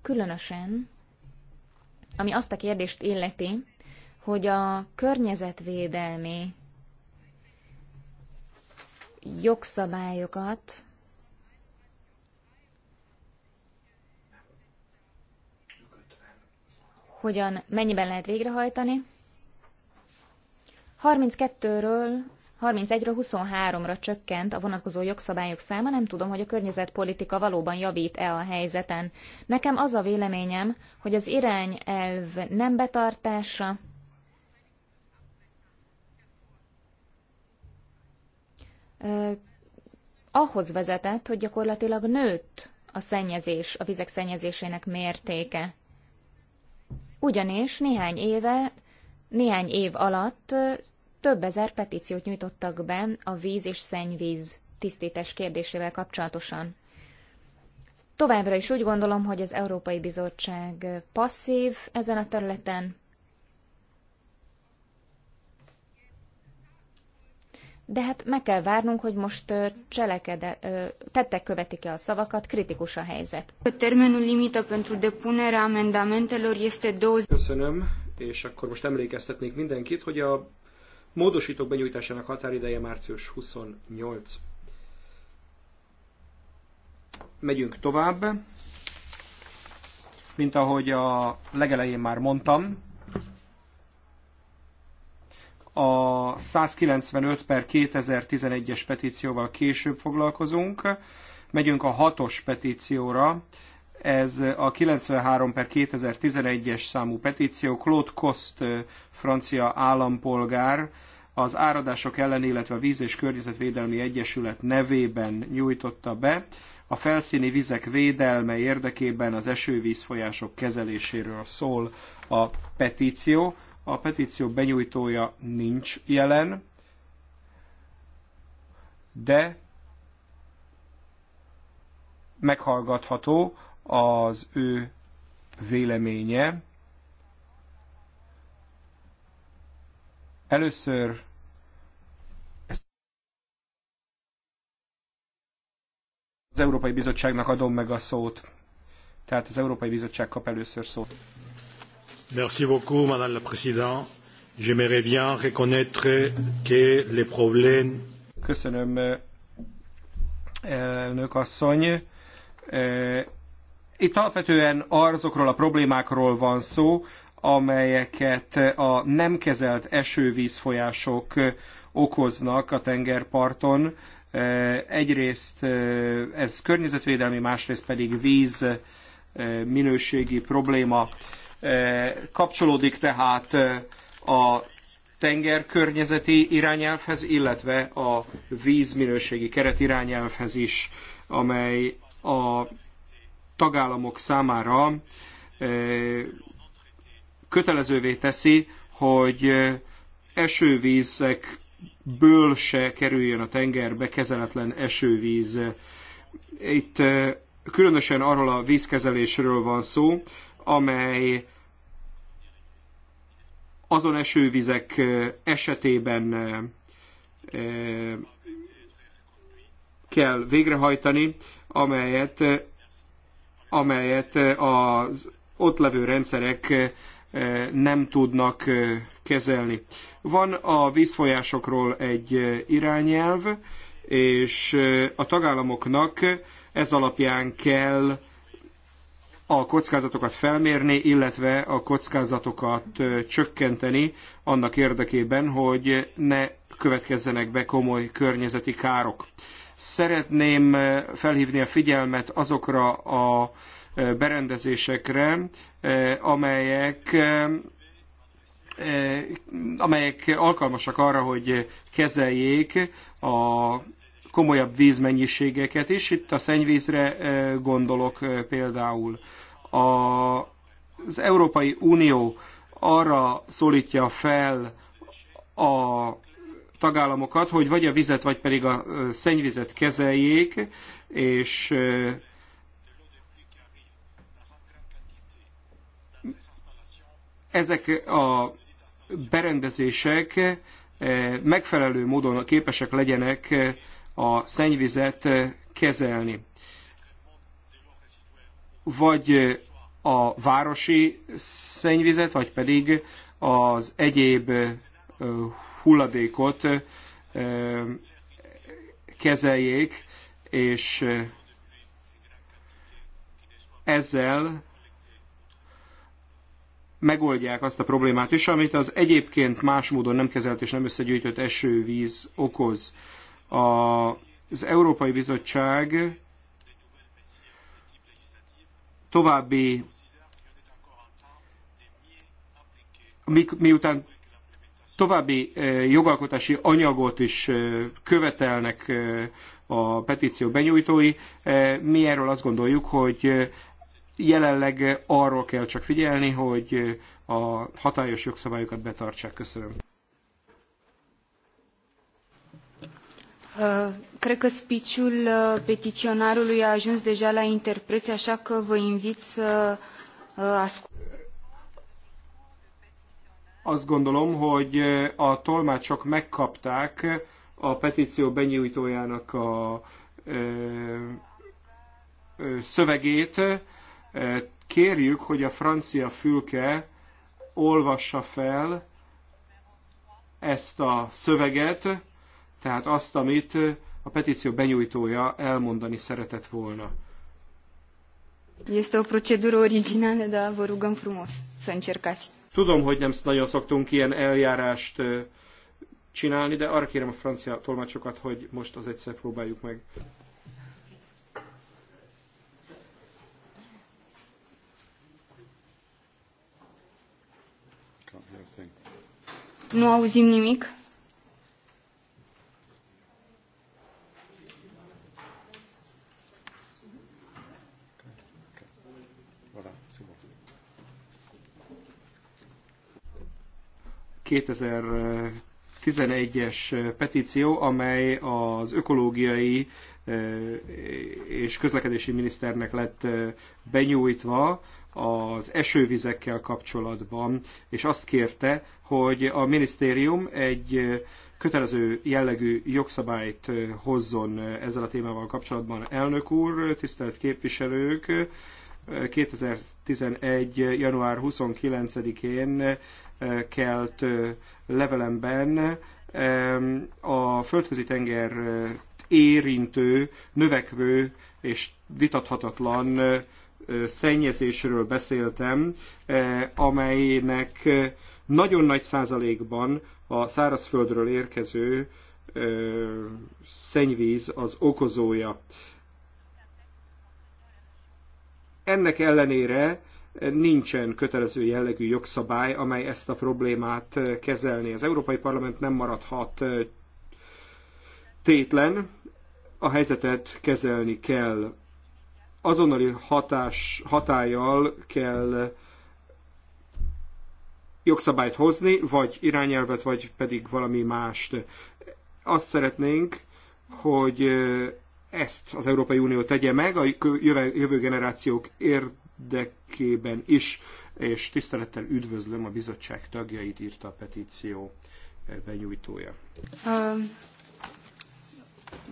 különösen, ami azt a kérdést illeti, hogy a környezetvédelmi jogszabályokat hogyan, mennyiben lehet végrehajtani, 32-ről 31-ről 23-ra csökkent a vonatkozó jogszabályok száma, nem tudom, hogy a környezetpolitika valóban javít-e a helyzeten. Nekem az a véleményem, hogy az irányelv nem betartása eh, ahhoz vezetett, hogy gyakorlatilag nőtt a szennyezés, a vizek szennyezésének mértéke. Ugyanis néhány éve, néhány év alatt több ezer petíciót nyújtottak be a víz és szennyvíz tisztítás kérdésével kapcsolatosan. Továbbra is úgy gondolom, hogy az Európai Bizottság passzív ezen a területen, de hát meg kell várnunk, hogy most cselekede, tettek követik-e a szavakat, kritikus a helyzet. A termenul limită pentru depunerea amendamentelor este 20... Köszönöm, és akkor most emlékeztetnék mindenkit, hogy a Módosítók benyújtásának határideje március 28. Megyünk tovább. Mint ahogy a legelején már mondtam, a 195 per 2011-es petícióval később foglalkozunk. Megyünk a hatos petícióra, ez a 93 per 2011-es számú petíció Claude Cost francia állampolgár az áradások ellen, illetve a Víz és Környezetvédelmi Egyesület nevében nyújtotta be a felszíni vizek védelme érdekében az esővízfolyások kezeléséről szól a petíció. A petíció benyújtója nincs jelen, de meghallgatható az ő véleménye. Először az Európai Bizottságnak adom meg a szót. Tehát az Európai Bizottság kap először szót. Merci beaucoup, Madame la Présidente. J'aimerais bien reconnaître que les problèmes... Köszönöm, eh, elnök asszony eh, itt alapvetően azokról a problémákról van szó, amelyeket a nem kezelt esővízfolyások okoznak a tengerparton. Eh, egyrészt eh, ez környezetvédelmi, másrészt pedig víz eh, minőségi probléma. Kapcsolódik tehát a tengerkörnyezeti irányelvhez, illetve a vízminőségi keretirányelvhez is, amely a tagállamok számára eh, kötelezővé teszi, hogy eh, esővízekből se kerüljön a tengerbe kezeletlen esővíz. Itt eh, különösen arról a vízkezelésről van szó, amely azon esővizek esetében kell végrehajtani, amelyet amelyet eh, az ott levő rendszerek eh, nem tudnak eh, kezelni. Van a vízfolyásokról egy irányelv, és a tagállamoknak ez alapján kell a kockázatokat felmérni, illetve a kockázatokat csökkenteni annak érdekében, hogy ne következzenek be komoly környezeti károk. Szeretném eh, felhívni a figyelmet azokra a eh, berendezésekre, eh, amelyek amelyek alkalmasak arra, hogy kezeljék a komolyabb vízmennyiségeket is. Itt a szennyvízre gondolok például. az Európai Unió arra szólítja fel a tagállamokat, hogy vagy a vizet, vagy pedig a szennyvizet kezeljék, és ezek a berendezések megfelelő módon képesek legyenek a szennyvizet kezelni. Vagy a városi szennyvizet, vagy pedig az egyéb hulladékot kezeljék, és ezzel megoldják azt a problémát is, amit az egyébként más módon nem kezelt és nem összegyűjtött esővíz okoz. az Európai Bizottság további miután További eh, jogalkotási anyagot is eh, követelnek eh, a petíció benyújtói. Mi erről azt gondoljuk, hogy jelenleg arról kell csak figyelni, hogy a hatályos jogszabályokat betartsák. Köszönöm. Uh, cred că speech-ul uh, petiționarului a ajuns deja la interpreți, așa că vă invit să uh, ascultați. Azt gondolom, hogy a tolmácsok megkapták a petíció benyújtójának a szövegét. Kérjük, hogy a francia fülke olvassa fel ezt a szöveget, tehát azt, amit a petíció benyújtója elmondani szeretett volna. Este o procedură originală, dar vă rugăm frumos să încercați. Tudom, hogy nem nagyon szoktunk ilyen eljárást csinálni, de arra kérem a francia tolmácsokat, hogy most az egyszer próbáljuk meg. Nu auzim nimic. 2011-es petíció, amely az ökológiai eh, és közlekedési miniszternek lett eh, benyújtva az esővizekkel kapcsolatban, és azt kérte, hogy a minisztérium egy eh, kötelező jellegű jogszabályt hozzon ezzel a témával kapcsolatban. Elnök úr, tisztelt képviselők, 2011. január 29-én kelt levelemben a földközi tenger érintő, növekvő és vitathatatlan szennyezésről beszéltem, amelynek nagyon nagy százalékban a szárazföldről érkező szennyvíz az okozója. Ennek ellenére nincsen kötelező jellegű jogszabály, amely ezt a problémát kezelni. Az Európai Parlament nem maradhat tétlen, a helyzetet kezelni kell. Azonnali hatás, hatállyal kell jogszabályt hozni, vagy irányelvet, vagy pedig valami mást. Azt szeretnénk, hogy ezt az Európai Unió tegye meg a jövő generációk érdekében, érdekében is, és tisztelettel üdvözlöm a bizottság tagjait, írta a petíció eh, benyújtója. Um,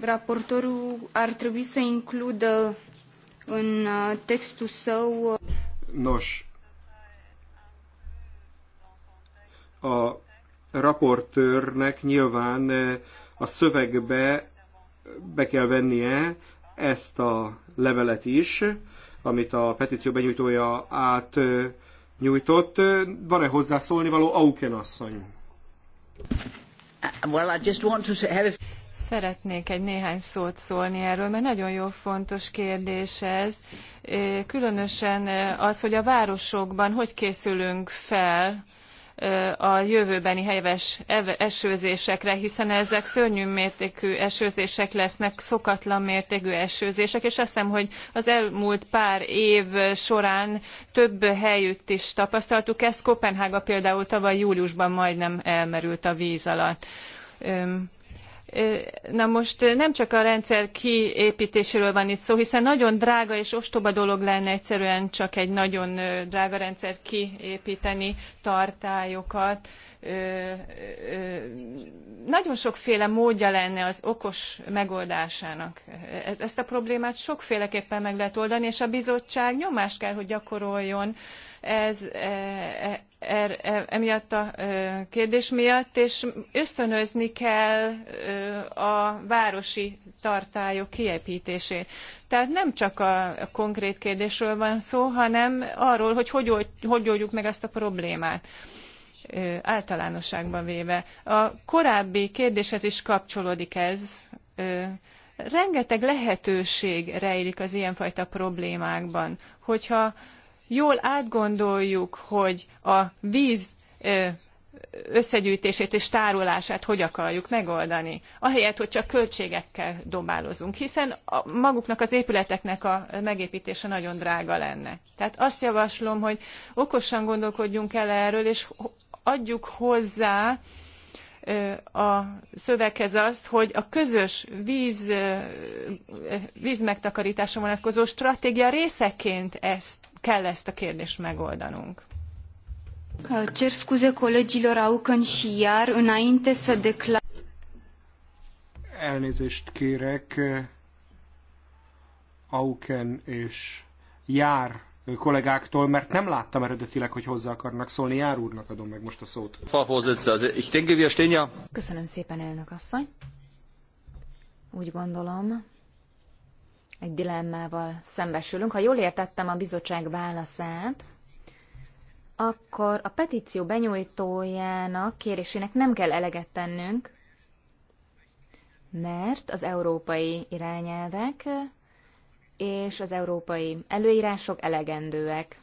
raportorul ar trebui să includă în eh, textul său... Nos, a raportőrnek nyilván eh, a szövegbe be kell vennie ezt a levelet is, amit a petíció benyújtója át nyújtott. Van-e hozzászólni való Auken asszony? Well, I just want to have... Szeretnék egy néhány szót szólni erről, mert nagyon jó fontos kérdés ez. Különösen az, hogy a városokban hogy készülünk fel a jövőbeni heves esőzésekre, hiszen ezek szörnyű mértékű esőzések lesznek, szokatlan mértékű esőzések, és azt hiszem, hogy az elmúlt pár év során több helyütt is tapasztaltuk ezt. Kopenhága például tavaly júliusban majdnem elmerült a víz alatt. Na most nem csak a rendszer kiépítéséről van itt szó, hiszen nagyon drága és ostoba dolog lenne egyszerűen csak egy nagyon drága rendszer kiépíteni tartályokat, nagyon sokféle módja lenne az okos megoldásának. Ez, ezt a problémát sokféleképpen meg lehet oldani, és a bizottság nyomást kell, hogy gyakoroljon ez, e, e, er, e, emiatt a kérdés miatt, és ösztönözni kell a városi tartályok kiepítését. Tehát nem csak a, a konkrét kérdésről van szó, hanem arról, hogy hogy, old, hogy oldjuk meg ezt a problémát általánosságban véve. A korábbi kérdéshez is kapcsolódik ez. Rengeteg lehetőség rejlik az ilyenfajta problémákban. Hogyha jól átgondoljuk, hogy a víz összegyűjtését és tárolását hogy akarjuk megoldani, ahelyett, hogy csak költségekkel dobálozunk, hiszen a, maguknak az épületeknek a megépítése nagyon drága lenne. Tehát azt javaslom, hogy okosan gondolkodjunk el erről, és adjuk hozzá a szöveghez azt, hogy a közös víz, vízmegtakarításra vonatkozó stratégia részeként ezt, kell ezt a kérdést megoldanunk. Cer scuze colegilor Aucan și iar, înainte să declar... Elnézést kérek, Auken és Jár kollégáktól, mert nem láttam eredetileg, hogy hozzá akarnak szólni. Jár úrnak adom meg most a szót. Köszönöm szépen, elnök asszony. Úgy gondolom, egy dilemmával szembesülünk. Ha jól értettem a bizottság válaszát, akkor a petíció benyújtójának kérésének nem kell eleget tennünk, mert az európai irányelvek és az európai előírások elegendőek.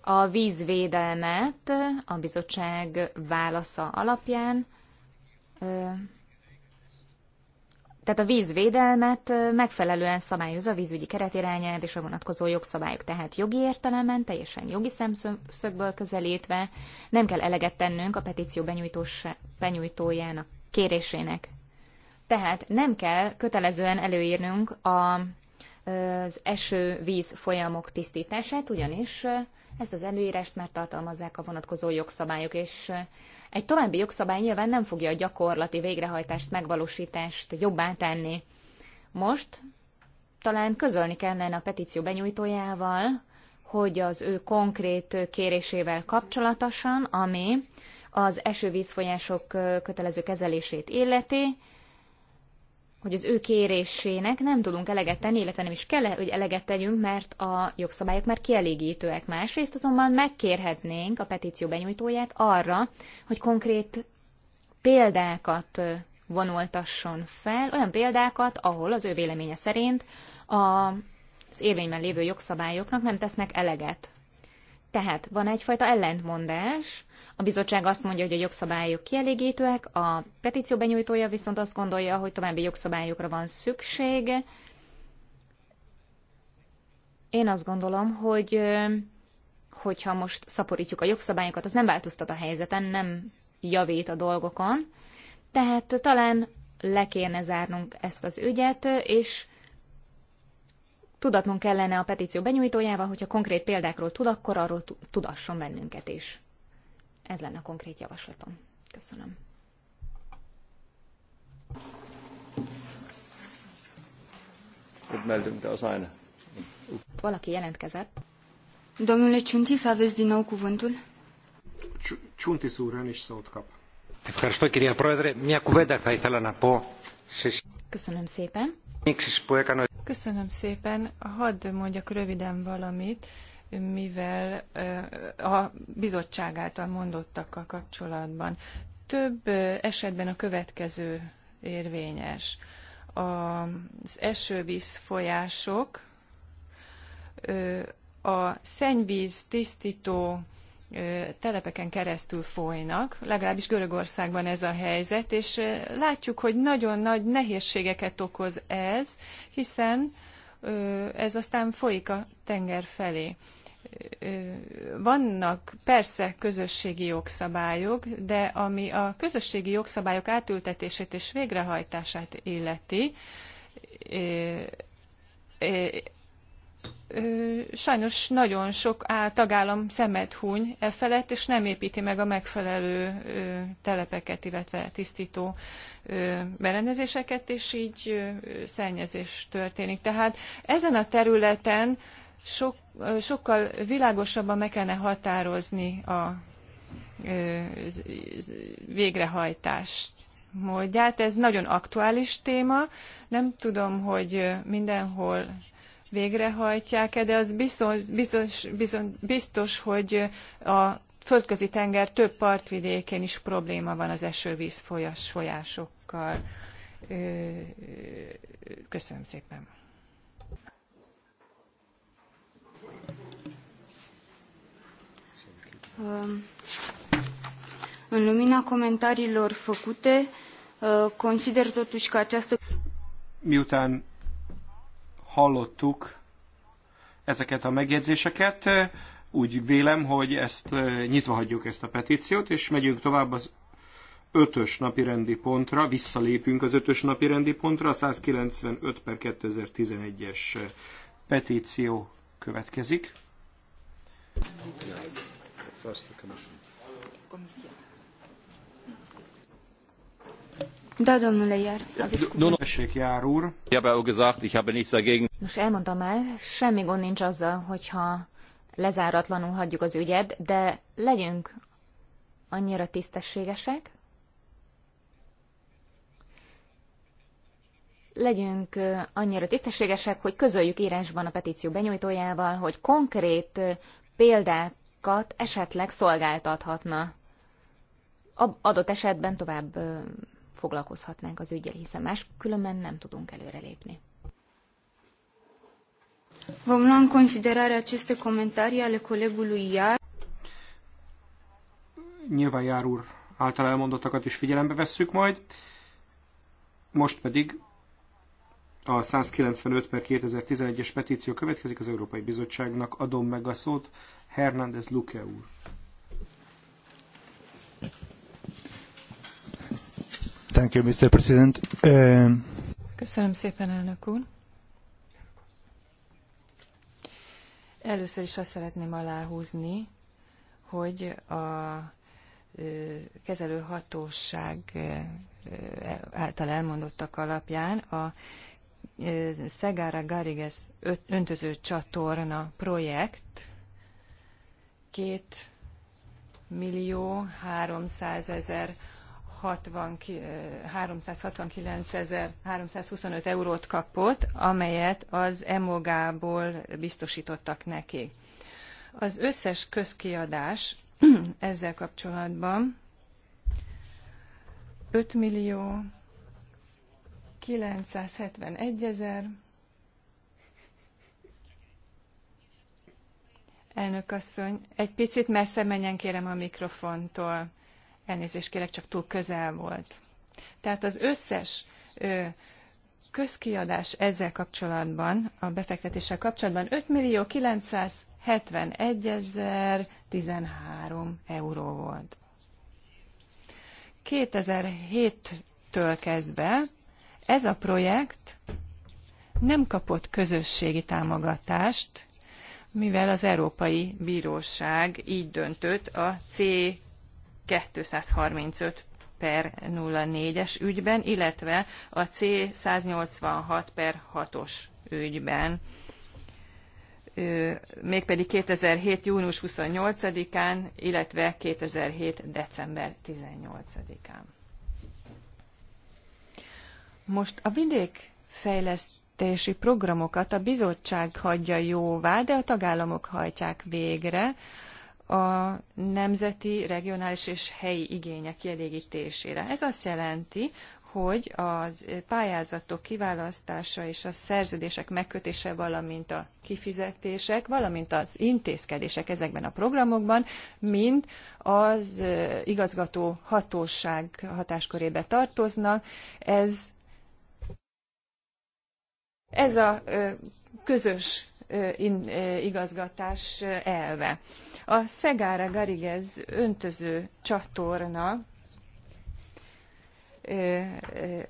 A vízvédelmet a bizottság válasza alapján, tehát a vízvédelmet megfelelően szabályozza a vízügyi keretirányelv és a vonatkozó jogszabályok, tehát jogi értelemben, teljesen jogi szemszögből közelítve nem kell eleget tennünk a petíció benyújtójának kérésének. Tehát nem kell kötelezően előírnünk a, az eső-víz folyamok tisztítását, ugyanis ezt az előírást már tartalmazzák a vonatkozó jogszabályok, és egy további jogszabály nyilván nem fogja a gyakorlati végrehajtást, megvalósítást jobbá tenni. Most talán közölni kellene a petíció benyújtójával, hogy az ő konkrét kérésével kapcsolatosan, ami az esővízfolyások kötelező kezelését illeti, hogy az ő kérésének nem tudunk eleget tenni, illetve nem is kell, hogy eleget tegyünk, mert a jogszabályok már kielégítőek. Másrészt azonban megkérhetnénk a petíció benyújtóját arra, hogy konkrét példákat vonultasson fel, olyan példákat, ahol az ő véleménye szerint a, az érvényben lévő jogszabályoknak nem tesznek eleget. Tehát van egyfajta ellentmondás a bizottság azt mondja, hogy a jogszabályok kielégítőek, a petíció benyújtója viszont azt gondolja, hogy további jogszabályokra van szükség. Én azt gondolom, hogy hogyha most szaporítjuk a jogszabályokat, az nem változtat a helyzeten, nem javít a dolgokon. Tehát talán le kéne zárnunk ezt az ügyet, és tudatnunk kellene a petíció benyújtójával, hogyha konkrét példákról tud, akkor arról tudasson bennünket is. Ez lenne a konkrét javaslatom. Köszönöm. az Valaki jelentkezett. Domnule Ciuntis, aveți din nou cuvântul? Ciuntis úr, ön is szót kap. Köszönöm szépen. Köszönöm szépen. Hadd mondjak röviden valamit mivel a bizottság által mondottakkal kapcsolatban. Több esetben a következő érvényes. Az esővíz folyások, a szennyvíz tisztító telepeken keresztül folynak, legalábbis Görögországban ez a helyzet, és látjuk, hogy nagyon nagy nehézségeket okoz ez, hiszen ez aztán folyik a tenger felé vannak persze közösségi jogszabályok, de ami a közösségi jogszabályok átültetését és végrehajtását illeti, sajnos nagyon sok tagállam szemet huny e felett, és nem építi meg a megfelelő telepeket, illetve tisztító berendezéseket, és így szennyezés történik. Tehát ezen a területen sok, sokkal világosabban meg kellene határozni a végrehajtást módját. Ez nagyon aktuális téma. Nem tudom, hogy mindenhol végrehajtják-e, de az biztos, biztos, biztos, biztos hogy a földközi tenger több partvidékén is probléma van az esővíz folyásokkal. Köszönöm szépen. În lumina comentariilor făcute, uh, consider totuși că această... Miután hallottuk ezeket a megjegyzéseket, uh, úgy vélem, hogy ezt uh, nyitva hagyjuk ezt a petíciót, és megyünk tovább az ötös napirendi pontra, visszalépünk az ötös napirendi pontra, a 195 per 2011-es petíció következik. First the Commission. Da, domnule Jár. Tessék, Jár úr. Most elmondtam el, semmi gond nincs azzal, hogyha lezáratlanul hagyjuk az ügyet, de legyünk annyira tisztességesek, legyünk annyira tisztességesek, hogy közöljük írásban a petíció benyújtójával, hogy konkrét példát adatokat esetleg szolgáltathatna. A adott esetben tovább foglalkozhatnánk az ügyel, hiszen más különben nem tudunk előrelépni. Vom lua în considerare aceste comentarii ale colegului Iar. Nyilván Jár úr által elmondottakat is figyelembe vesszük majd. Most pedig a 195 per 2011-es petíció következik az Európai Bizottságnak. Adom meg a szót Hernández Luke úr. Thank you, Mr. President. Um... Köszönöm szépen, elnök úr. Először is azt szeretném aláhúzni, hogy a kezelőhatóság által elmondottak alapján a Szegára Garrigues öntöző csatorna projekt két millió 300 ezer 369.325 eurót kapott, amelyet az emogából biztosítottak neki. Az összes közkiadás ezzel kapcsolatban 5 millió 971 ezer. Elnök asszony, egy picit messze menjen kérem a mikrofontól. Elnézést kérek, csak túl közel volt. Tehát az összes ö, közkiadás ezzel kapcsolatban, a befektetéssel kapcsolatban 5 millió 971 ezer 13 euró volt. 2007-től kezdve ez a projekt nem kapott közösségi támogatást, mivel az Európai Bíróság így döntött a C 235 per 04-es ügyben, illetve a C 186 per 6-os ügyben. Mégpedig 2007. június 28-án, illetve 2007. december 18-án. Most a vidékfejlesztési programokat a bizottság hagyja jóvá, de a tagállamok hajtják végre a nemzeti, regionális és helyi igények kielégítésére. Ez azt jelenti, hogy a pályázatok kiválasztása és a szerződések megkötése, valamint a kifizetések, valamint az intézkedések ezekben a programokban mind az igazgató hatóság hatáskörébe tartoznak. Ez ez a közös igazgatás elve. A Szegára Garigez öntöző csatorna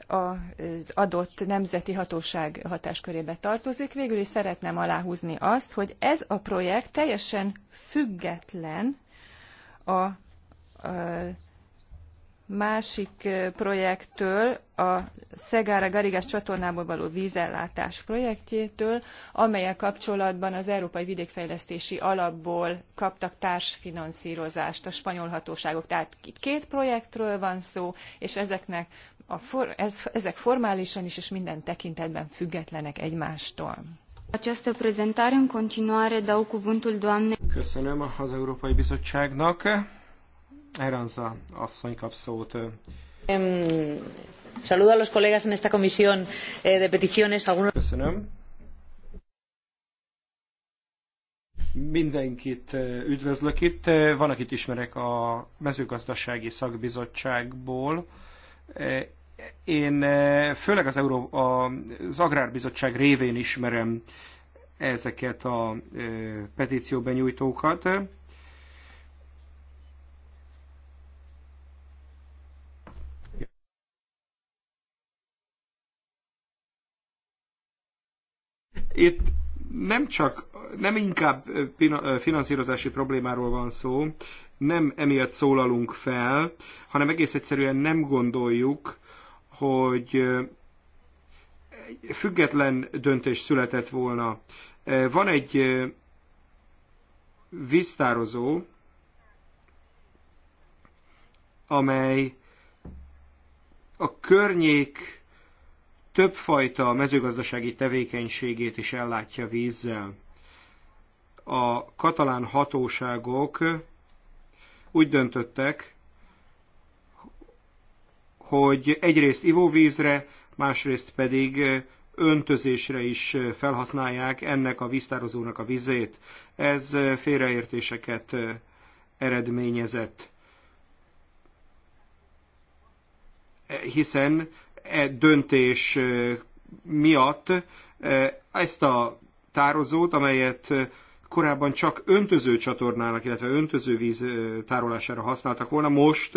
az adott nemzeti hatóság hatáskörébe tartozik. Végül is szeretném aláhúzni azt, hogy ez a projekt teljesen független a, a másik projekttől, a Szegára Garigás csatornából való vízellátás projektjétől, amelyek kapcsolatban az Európai Vidékfejlesztési Alapból kaptak társfinanszírozást a spanyol hatóságok. Tehát itt két projektről van szó, és ezeknek a for, ez, ezek formálisan is és minden tekintetben függetlenek egymástól. Această prezentare în continuare dau cuvântul doamnei. Köszönöm az Európai Bizottságnak. Eranza asszony kap szót. Saludo a los colegas en esta comisión eh, de peticiones. Algunos... Köszönöm. Mindenkit eh, üdvözlök itt. Eh, van, akit ismerek a mezőgazdasági szakbizottságból. Én főleg az, Euró, az Agrárbizottság révén ismerem ezeket a petícióbenyújtókat. nyújtókat Itt nem csak, nem inkább finanszírozási problémáról van szó, nem emiatt szólalunk fel, hanem egész egyszerűen nem gondoljuk, hogy független döntés született volna. Van egy víztározó, amely a környék többfajta mezőgazdasági tevékenységét is ellátja vízzel. A katalán hatóságok úgy döntöttek, hogy egyrészt ivóvízre, másrészt pedig öntözésre is felhasználják ennek a víztározónak a vizét. Ez félreértéseket eredményezett. Hiszen e döntés e, miatt e, ezt a tározót, amelyet e, korábban csak öntöző csatornának, illetve öntözővíz tárolására használtak volna, most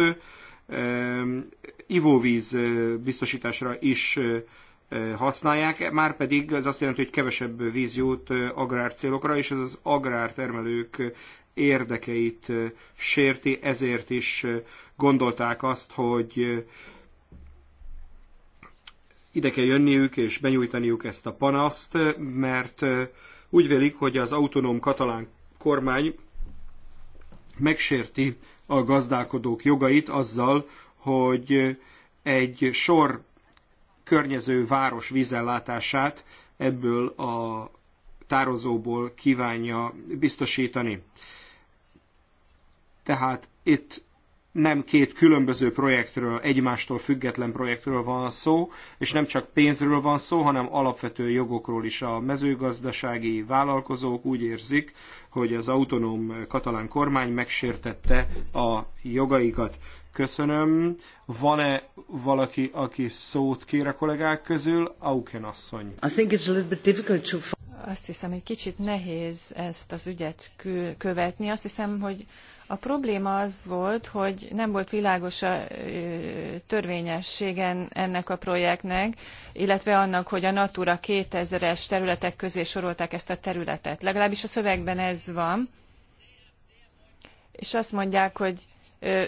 ivóvíz biztosításra is használják, már pedig ez azt jelenti, hogy kevesebb víz jut célokra, és ez az agrártermelők érdekeit sérti, ezért is gondolták azt, hogy ide kell jönniük és benyújtaniuk ezt a panaszt, mert úgy vélik, hogy az autonóm katalán kormány megsérti a gazdálkodók jogait azzal, hogy egy sor környező város vízellátását ebből a tározóból kívánja biztosítani. Tehát itt nem két különböző projektről, egymástól független projektről van szó, és nem csak pénzről van szó, hanem alapvető jogokról is. A mezőgazdasági vállalkozók úgy érzik, hogy az autonóm katalán kormány megsértette a jogaikat. Köszönöm. Van-e valaki, aki szót kér a kollégák közül? Auken asszony. I think it's a little bit difficult to... Azt hiszem, egy kicsit nehéz ezt az ügyet követni. Azt hiszem, hogy a probléma az volt, hogy nem volt világos a törvényességen ennek a projektnek, illetve annak, hogy a Natura 2000-es területek közé sorolták ezt a területet. Legalábbis a szövegben ez van. És azt mondják, hogy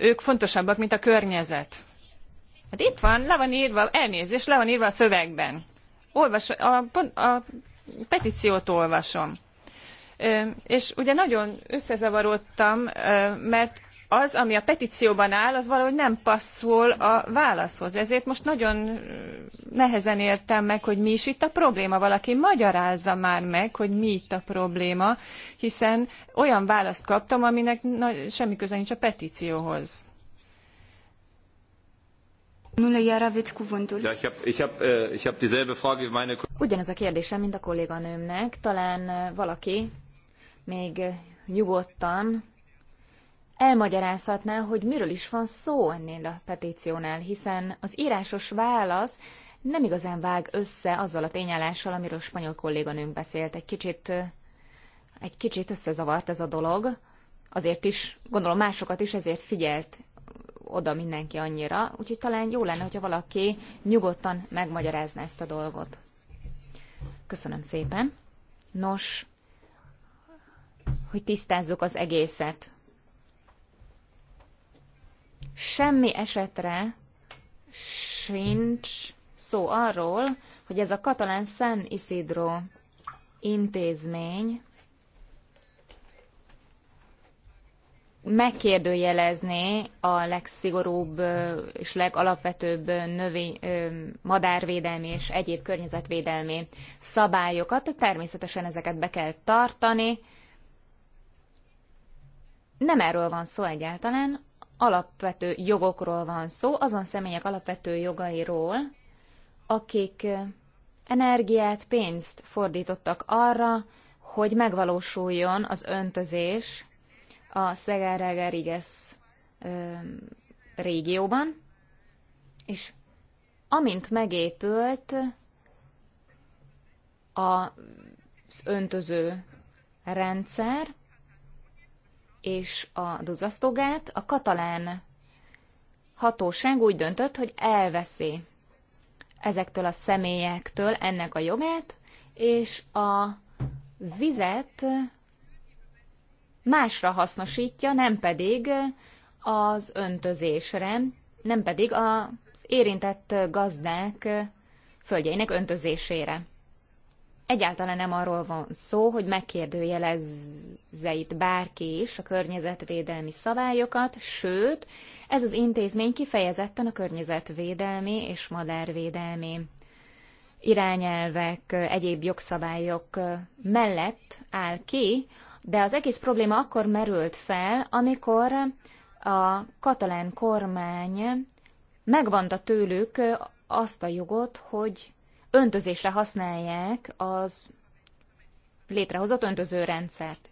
ők fontosabbak, mint a környezet. Hát itt van, le van írva, elnézést, le van írva a szövegben. Olvas, a, a petíciót olvasom és ugye nagyon összezavarodtam, mert az, ami a petícióban áll, az valahogy nem passzol a válaszhoz. Ezért most nagyon nehezen értem meg, hogy mi is itt a probléma. Valaki magyarázza már meg, hogy mi itt a probléma, hiszen olyan választ kaptam, aminek semmi köze nincs a petícióhoz. Ugyanez a kérdésem, mint a kolléganőmnek. Talán valaki még nyugodtan elmagyarázhatná, hogy miről is van szó ennél a petíciónál, hiszen az írásos válasz nem igazán vág össze azzal a tényállással, amiről a spanyol kolléganőnk beszélt. Egy kicsit, egy kicsit összezavart ez a dolog. Azért is, gondolom másokat is ezért figyelt oda mindenki annyira, úgyhogy talán jó lenne, hogyha valaki nyugodtan megmagyarázná ezt a dolgot. Köszönöm szépen. Nos, hogy tisztázzuk az egészet. Semmi esetre sincs szó arról, hogy ez a katalán San Isidro intézmény megkérdőjelezné a legszigorúbb és legalapvetőbb növény, madárvédelmi és egyéb környezetvédelmi szabályokat. Természetesen ezeket be kell tartani, nem erről van szó egyáltalán, alapvető jogokról van szó, azon személyek alapvető jogairól, akik energiát, pénzt fordítottak arra, hogy megvalósuljon az öntözés a Szegáregeriges régióban, és amint megépült az öntöző rendszer, és a duzasztogát a katalán hatóság úgy döntött, hogy elveszi ezektől a személyektől ennek a jogát, és a vizet másra hasznosítja, nem pedig az öntözésre, nem pedig az érintett gazdák földjeinek öntözésére. Egyáltalán nem arról van szó, hogy megkérdőjelezze itt bárki is a környezetvédelmi szabályokat, sőt, ez az intézmény kifejezetten a környezetvédelmi és madárvédelmi irányelvek, egyéb jogszabályok mellett áll ki, de az egész probléma akkor merült fel, amikor a katalán kormány megvanta tőlük azt a jogot, hogy öntözésre használják az létrehozott öntözőrendszert.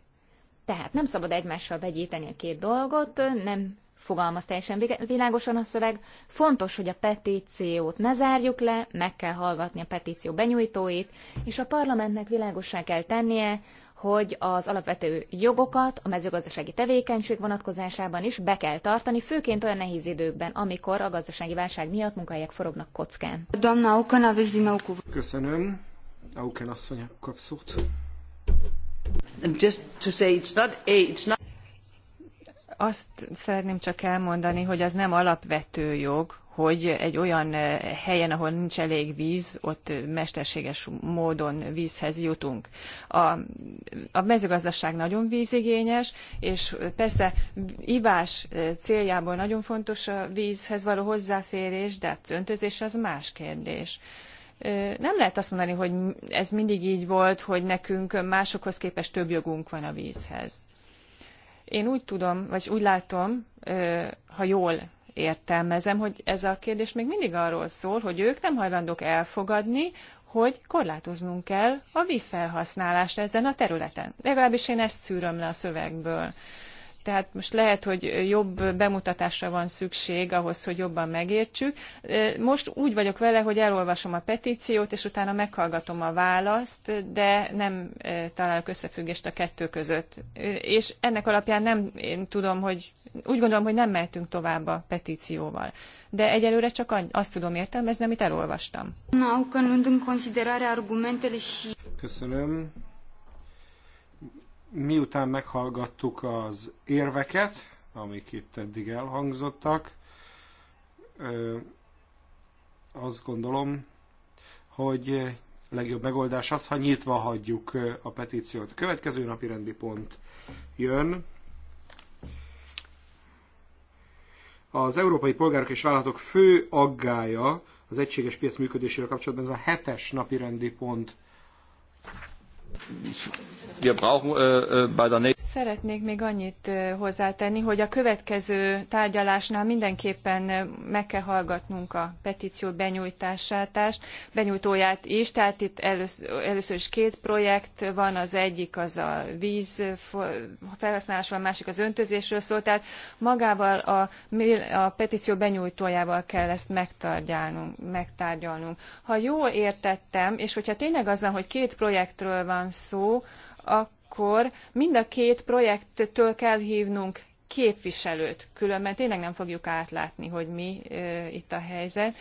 Tehát nem szabad egymással vegyíteni a két dolgot, nem fogalmaz teljesen világosan a szöveg. Fontos, hogy a petíciót ne zárjuk le, meg kell hallgatni a petíció benyújtóit, és a parlamentnek világosá kell tennie, hogy az alapvető jogokat a mezőgazdasági tevékenység vonatkozásában is be kell tartani, főként olyan nehéz időkben, amikor a gazdasági válság miatt munkahelyek forognak kockán. Köszönöm. Auken asszony kap szót. Just to say it's not, it's not... Azt szeretném csak elmondani, hogy az nem alapvető jog, hogy egy olyan eh, helyen, ahol nincs elég víz, ott eh, mesterséges módon vízhez jutunk. A, a mezőgazdaság nagyon vízigényes, és persze ivás eh, céljából nagyon fontos a vízhez való hozzáférés, de a hát öntözés az más kérdés nem lehet azt mondani, hogy ez mindig így volt, hogy nekünk másokhoz képest több jogunk van a vízhez. Én úgy tudom, vagy úgy látom, ha jól értelmezem, hogy ez a kérdés még mindig arról szól, hogy ők nem hajlandók elfogadni, hogy korlátoznunk kell a vízfelhasználást ezen a területen. Legalábbis én ezt szűröm le a szövegből tehát most lehet, hogy jobb bemutatásra van szükség ahhoz, hogy jobban megértsük. Most úgy vagyok vele, hogy elolvasom a petíciót, és utána meghallgatom a választ, de nem találok összefüggést a kettő között. És ennek alapján nem én tudom, hogy úgy gondolom, hogy nem mehetünk tovább a petícióval. De egyelőre csak azt tudom értelmezni, amit elolvastam. Köszönöm miután meghallgattuk az érveket, amik itt eddig elhangzottak, azt gondolom, hogy legjobb megoldás az, ha nyitva hagyjuk a petíciót. A következő napi rendi pont jön. Az európai polgárok és vállalatok fő aggája az egységes piac működésére kapcsolatban ez a hetes napi rendi pont Äh, äh, Szeretnék még annyit hozzátenni, hogy a következő tárgyalásnál mindenképpen meg kell hallgatnunk a petíció benyújtását, benyújtóját is, tehát itt először is két projekt van, az egyik az a víz felhasználásról, a másik az öntözésről szól, tehát magával a, a petíció benyújtójával kell ezt megtárgyalnunk, Ha jól értettem, és hogyha tényleg az van, hogy két projektről van van szó, akkor mind a két projekttől kell hívnunk képviselőt, különben tényleg nem fogjuk átlátni, hogy mi itt a helyzet,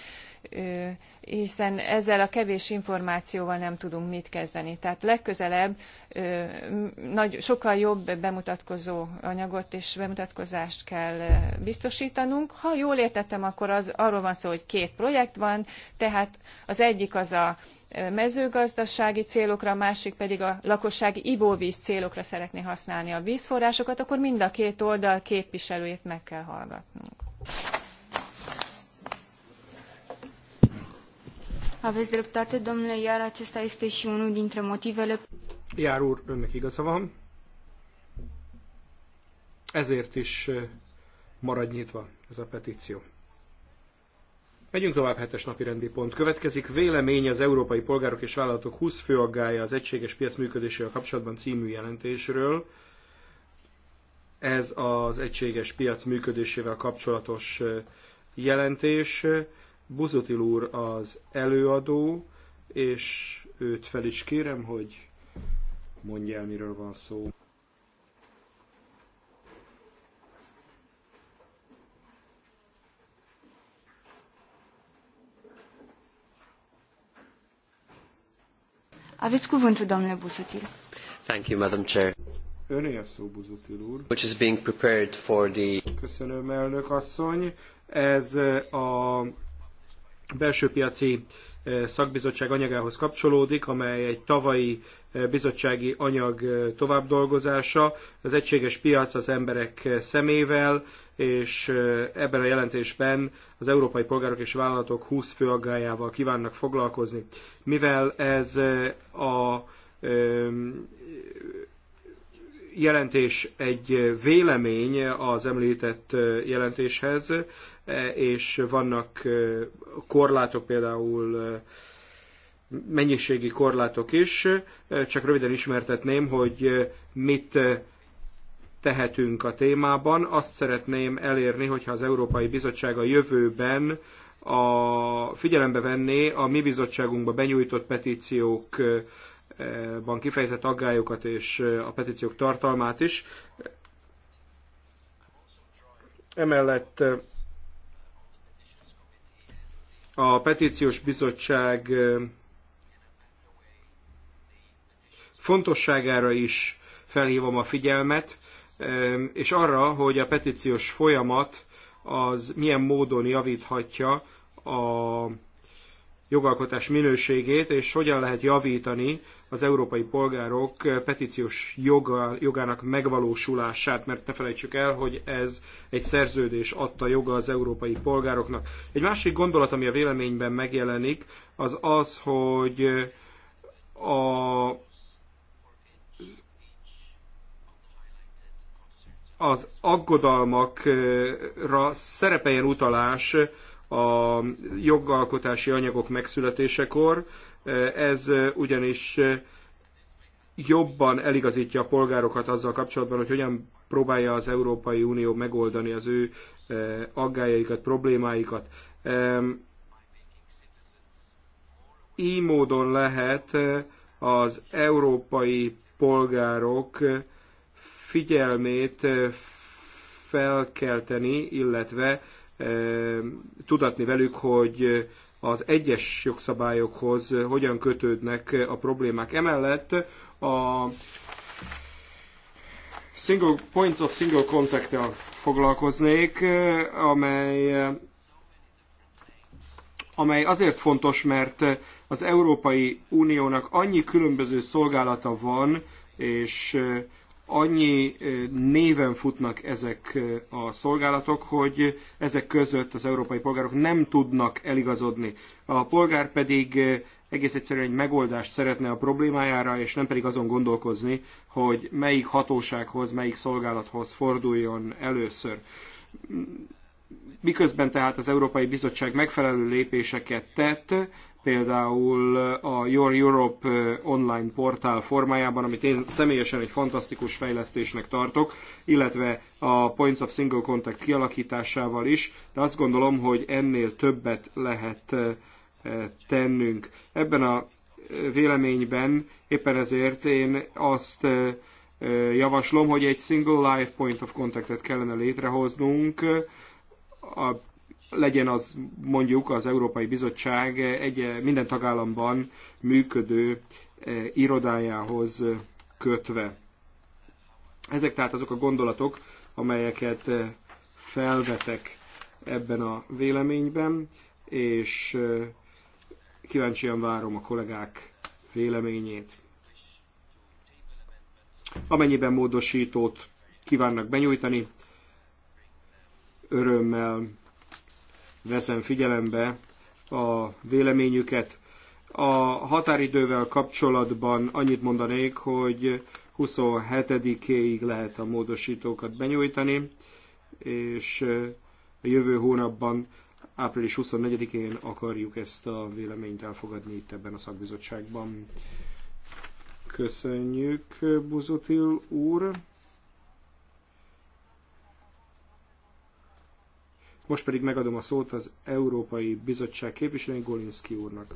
hiszen ezzel a kevés információval nem tudunk mit kezdeni. Tehát legközelebb nagy, sokkal jobb bemutatkozó anyagot és bemutatkozást kell biztosítanunk. Ha jól értettem, akkor az, arról van szó, hogy két projekt van, tehát az egyik az a mezőgazdasági célokra, a másik pedig a lakossági ivóvíz célokra szeretné használni a vízforrásokat, akkor mind a két oldal képviselőjét meg kell hallgatnunk. Aveți dreptate, domnule, iar acesta este și unul dintre motivele... Jár úr, önnek igaza van. Ezért is eh, marad nyitva ez a petíció. Megyünk tovább, hetes napi rendi pont. Következik vélemény az Európai Polgárok és Vállalatok 20 főaggája az egységes piac működésével kapcsolatban című jelentésről. Ez az egységes piac működésével kapcsolatos jelentés. Buzotil úr az előadó, és őt fel is kérem, hogy mondja el, miről van szó. Aveți cuvântul, domnule Busutil. Thank you, Madam Chair. Öné a szó, Buzutil úr. Which is being prepared for the... Köszönöm, elnök asszony. Ez eh, a belső piaci szakbizottság anyagához kapcsolódik, amely egy tavalyi eh, bizottsági anyag eh, továbbdolgozása, az egységes piac az emberek eh, szemével, és ebben a jelentésben az európai polgárok és vállalatok 20 fő aggájával kívánnak foglalkozni. Mivel ez a jelentés egy vélemény az említett jelentéshez, és vannak korlátok például mennyiségi korlátok is, csak röviden ismertetném, hogy mit tehetünk a témában. Azt szeretném elérni, hogyha az Európai Bizottság a jövőben a figyelembe venné a mi bizottságunkba benyújtott petíciók ban kifejezett aggályokat és a petíciók tartalmát is. Emellett a petíciós bizottság fontosságára is felhívom a figyelmet, és arra, hogy a petíciós folyamat az milyen módon javíthatja a jogalkotás minőségét, és hogyan lehet javítani az európai polgárok petíciós joga, jogának megvalósulását, mert ne felejtsük el, hogy ez egy szerződés adta joga az európai polgároknak. Egy másik gondolat, ami a véleményben megjelenik, az az, hogy a az aggodalmakra szerepeljen utalás a jogalkotási anyagok megszületésekor. Ez ugyanis jobban eligazítja a polgárokat azzal kapcsolatban, hogy hogyan próbálja az Európai Unió megoldani az ő e, aggájaikat, problémáikat. E, így módon lehet az európai polgárok figyelmét e, felkelteni, illetve tudatni velük, hogy az egyes jogszabályokhoz hogyan kötődnek a problémák. Emellett a single points of single contact foglalkoznék, amely, amely azért fontos, mert az Európai Uniónak annyi különböző szolgálata van, és annyi néven futnak ezek a szolgálatok, hogy ezek között az európai polgárok nem tudnak eligazodni. A polgár pedig egész egyszerűen egy megoldást szeretne a problémájára, és nem pedig azon gondolkozni, hogy melyik hatósághoz, melyik szolgálathoz forduljon először. Miközben tehát az Európai Bizottság megfelelő lépéseket tett, például a Your Europe eh, online portál formájában, amit én személyesen egy fantasztikus fejlesztésnek tartok, illetve a Points of Single Contact kialakításával is, de azt gondolom, hogy ennél többet lehet eh, tennünk. Ebben a eh, véleményben éppen ezért én azt javaslom, hogy egy Single Life Point of Contact-et kellene létrehoznunk, a legyen az mondjuk az Európai Bizottság egy minden tagállamban működő eh, irodájához kötve. Ezek tehát azok a gondolatok, amelyeket eh, felvetek ebben a véleményben, és eh, kíváncsian várom a kollégák véleményét. Amennyiben módosítót kívánnak benyújtani, örömmel veszem figyelembe a véleményüket. A határidővel kapcsolatban annyit mondanék, hogy 27-éig lehet a módosítókat benyújtani, és a jövő hónapban, április 24-én akarjuk ezt a véleményt elfogadni itt ebben a szakbizottságban. Köszönjük, Buzotil úr! Most pedig megadom a szót az Európai Bizottság képviselői Golinski úrnak.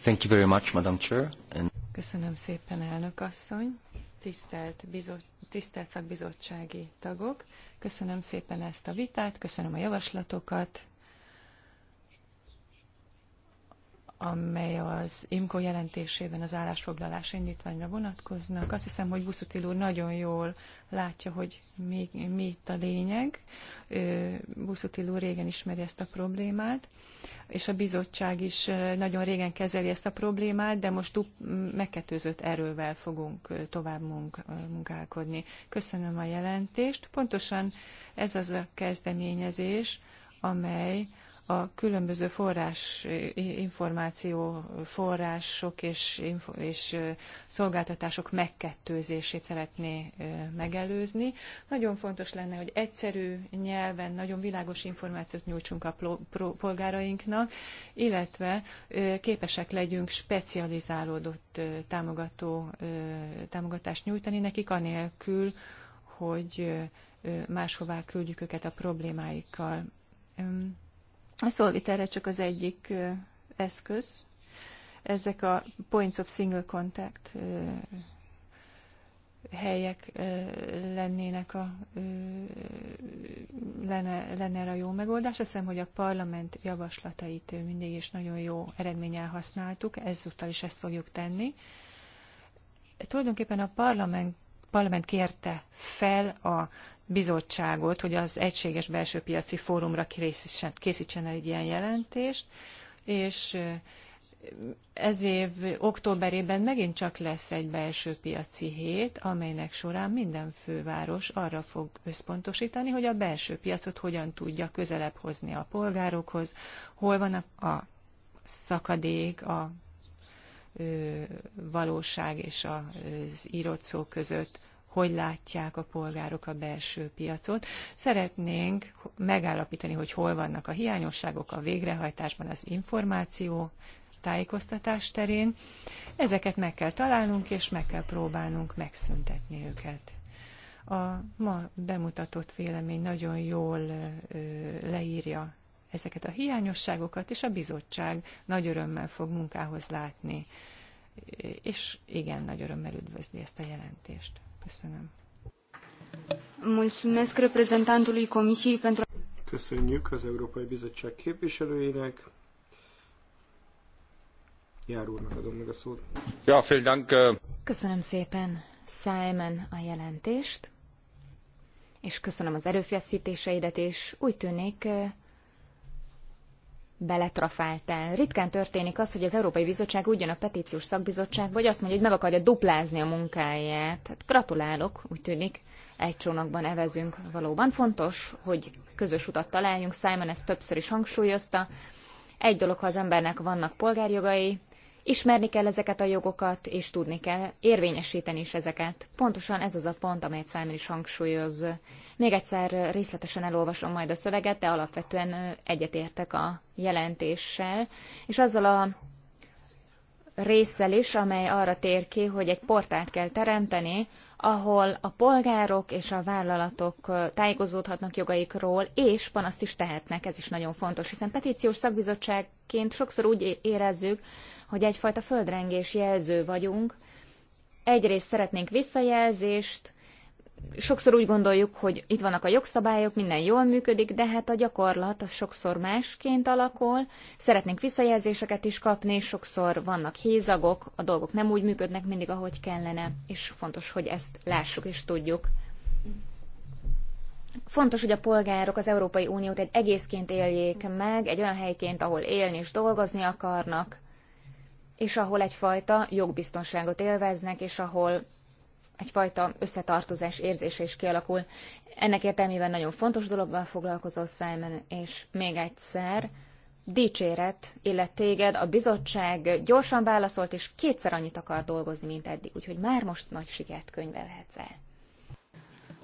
Thank you very much, Madam Chair. And... Köszönöm szépen, elnök asszony, tisztelt, bizot, tisztelt szakbizottsági tagok. Köszönöm szépen ezt a vitát, köszönöm a javaslatokat, amely az IMCO jelentésében az állásfoglalás indítványra vonatkoznak. Azt hiszem, hogy Buszutil úr nagyon jól látja, hogy mi, mi itt a lényeg. Buszutil úr régen ismeri ezt a problémát, és a bizottság is nagyon régen kezeli ezt a problémát, de most megkettőzött erővel fogunk tovább munk munkálkodni. Köszönöm a jelentést. Pontosan ez az a kezdeményezés, amely a különböző forrás, információ források és, és szolgáltatások megkettőzését szeretné megelőzni. Nagyon fontos lenne, hogy egyszerű nyelven nagyon világos információt nyújtsunk a polgárainknak, illetve képesek legyünk specializálódott támogató, támogatást nyújtani nekik, anélkül, hogy máshová küldjük őket a problémáikkal. A Solvit erre csak az egyik eszköz. Ezek a Points of Single Contact helyek lennének a, lenne, lenne erre a jó megoldás. Azt hiszem, hogy a parlament javaslatait mindig is nagyon jó eredménnyel használtuk, ezúttal is ezt fogjuk tenni. Tulajdonképpen a parlament, parlament kérte fel a bizottságot, hogy az egységes belső piaci fórumra készítsen egy ilyen jelentést, és eh, ez év októberében megint csak lesz egy belső piaci hét, amelynek során minden főváros arra fog összpontosítani, hogy a belső piacot hogyan tudja közelebb hozni a polgárokhoz, hol van a, a szakadék, a ö, valóság és az írott szó között hogy látják a polgárok a belső piacot. Szeretnénk megállapítani, hogy hol vannak a hiányosságok a végrehajtásban, az információ tájékoztatás terén. Ezeket meg kell találnunk, és meg kell próbálnunk megszüntetni őket. A ma bemutatott vélemény nagyon jól leírja ezeket a hiányosságokat, és a bizottság nagy örömmel fog munkához látni, és igen, nagy örömmel üdvözli ezt a jelentést. Köszönöm. Mulțumesc reprezentantului Comisiei pentru... Köszönjük az Európai Bizottság képviselőjének. Jár úrnak adom meg a szót. Ja, vielen Dank. Äh, köszönöm szépen, Simon, a jelentést, és köszönöm az erőfeszítéseidet, és úgy tűnik, beletrafáltál. Ritkán történik az, hogy az Európai Bizottság ugyan a petíciós szakbizottság, vagy azt mondja, hogy meg akarja duplázni a munkáját. Hát gratulálok, úgy tűnik, egy csónakban evezünk valóban. Fontos, hogy közös utat találjunk, Simon ezt többször is hangsúlyozta. Egy dolog, ha az embernek vannak polgárjogai, Ismerni kell ezeket a jogokat, és tudni kell érvényesíteni is ezeket. Pontosan ez az a pont, amelyet Simon is hangsúlyoz. Még egyszer részletesen elolvasom majd a szöveget, de alapvetően egyetértek a jelentéssel, és azzal a résszel is, amely arra tér ki, hogy egy portált kell teremteni, ahol a polgárok és a vállalatok tájékozódhatnak jogaikról, és panaszt is tehetnek, ez is nagyon fontos, hiszen petíciós szakbizottságként sokszor úgy érezzük, hogy egyfajta földrengés jelző vagyunk. Egyrészt szeretnénk visszajelzést, sokszor úgy gondoljuk, hogy itt vannak a jogszabályok, minden jól működik, de hát a gyakorlat az sokszor másként alakul. Szeretnénk visszajelzéseket is kapni, sokszor vannak hézagok, a dolgok nem úgy működnek mindig, ahogy kellene, és fontos, hogy ezt lássuk és tudjuk. Fontos, hogy a polgárok az Európai Uniót egy egészként éljék meg, egy olyan helyként, ahol élni és dolgozni akarnak, és ahol egyfajta jogbiztonságot élveznek, és ahol egyfajta összetartozás érzése is kialakul. Ennek értelmében nagyon fontos dologgal foglalkozol, Simon, és még egyszer dicséret illet téged, a bizottság gyorsan válaszolt, és kétszer annyit akar dolgozni, mint eddig, úgyhogy már most nagy sikert könyvelhetsz el.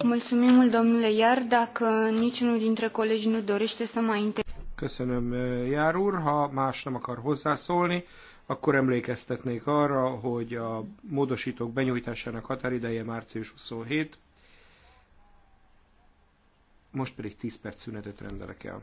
Mulțumim mult, domnule Iar, dacă niciunul dintre colegi nu dorește să mai inter... Köszönöm, Jár eh, úr, ha más nem akar hozzászólni, akkor emlékeztetnék arra, hogy a módosítók benyújtásának határideje március 27, most pedig 10 perc szünetet rendelek el.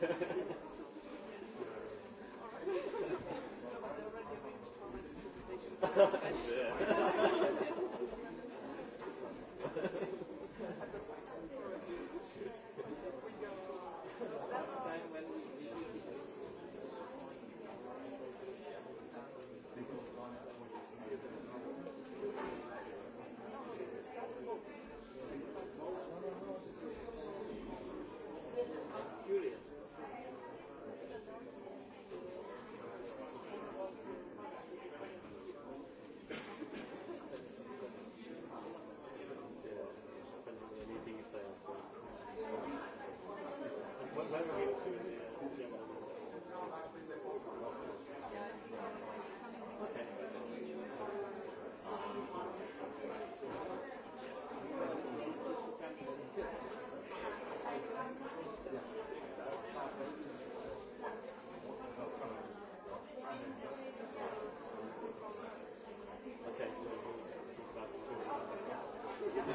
That's the time when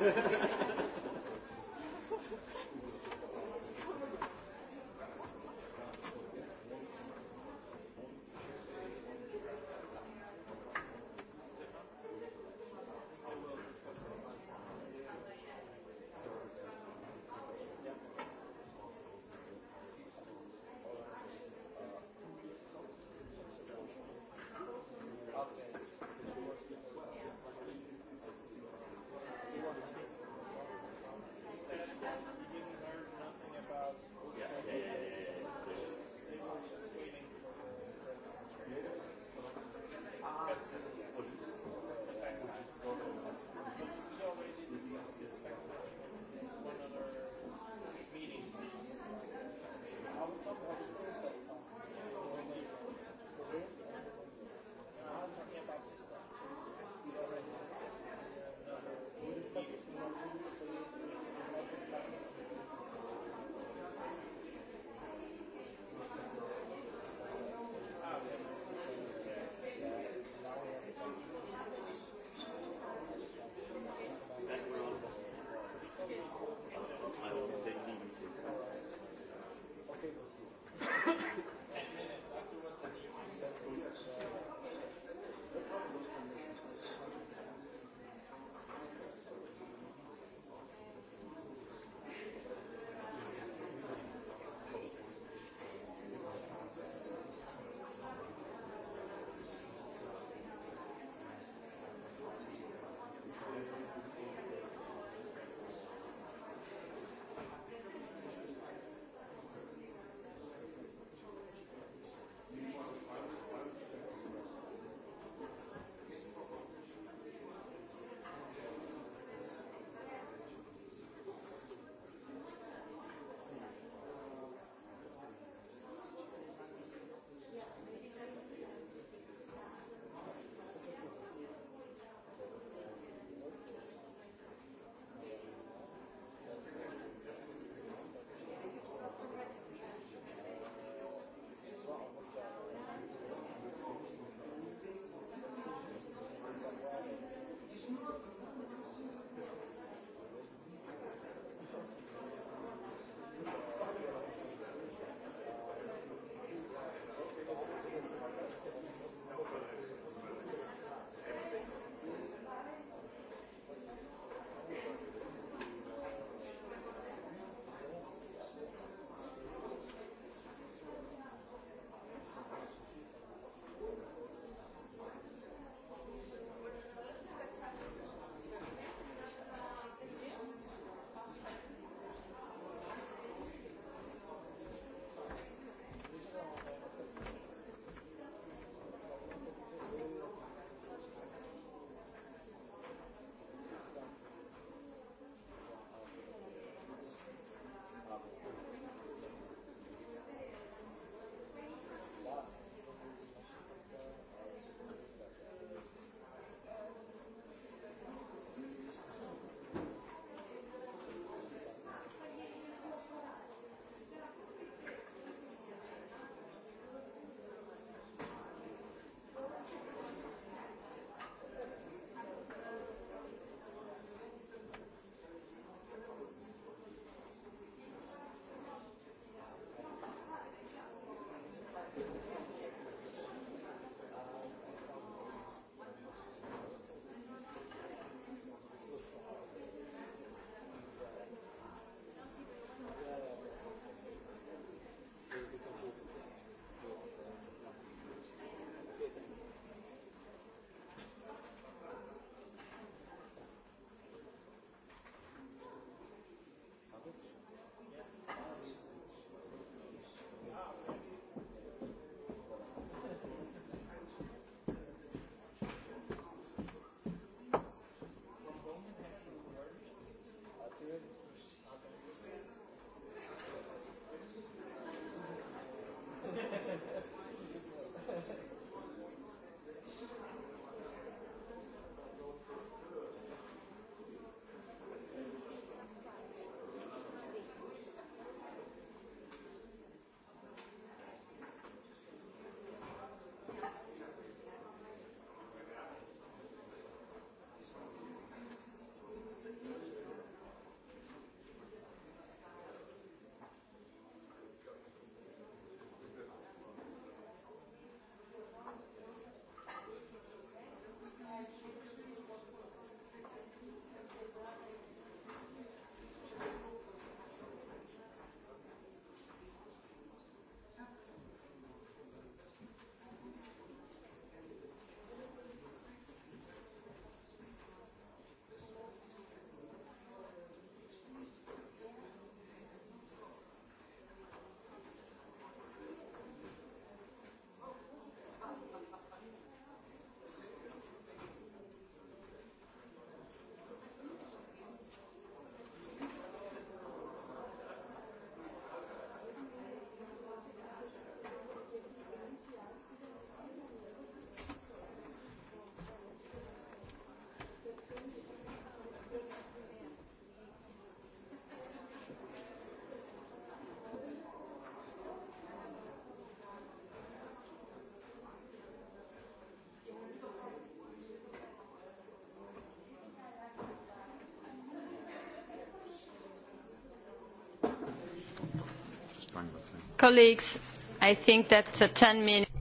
Okay.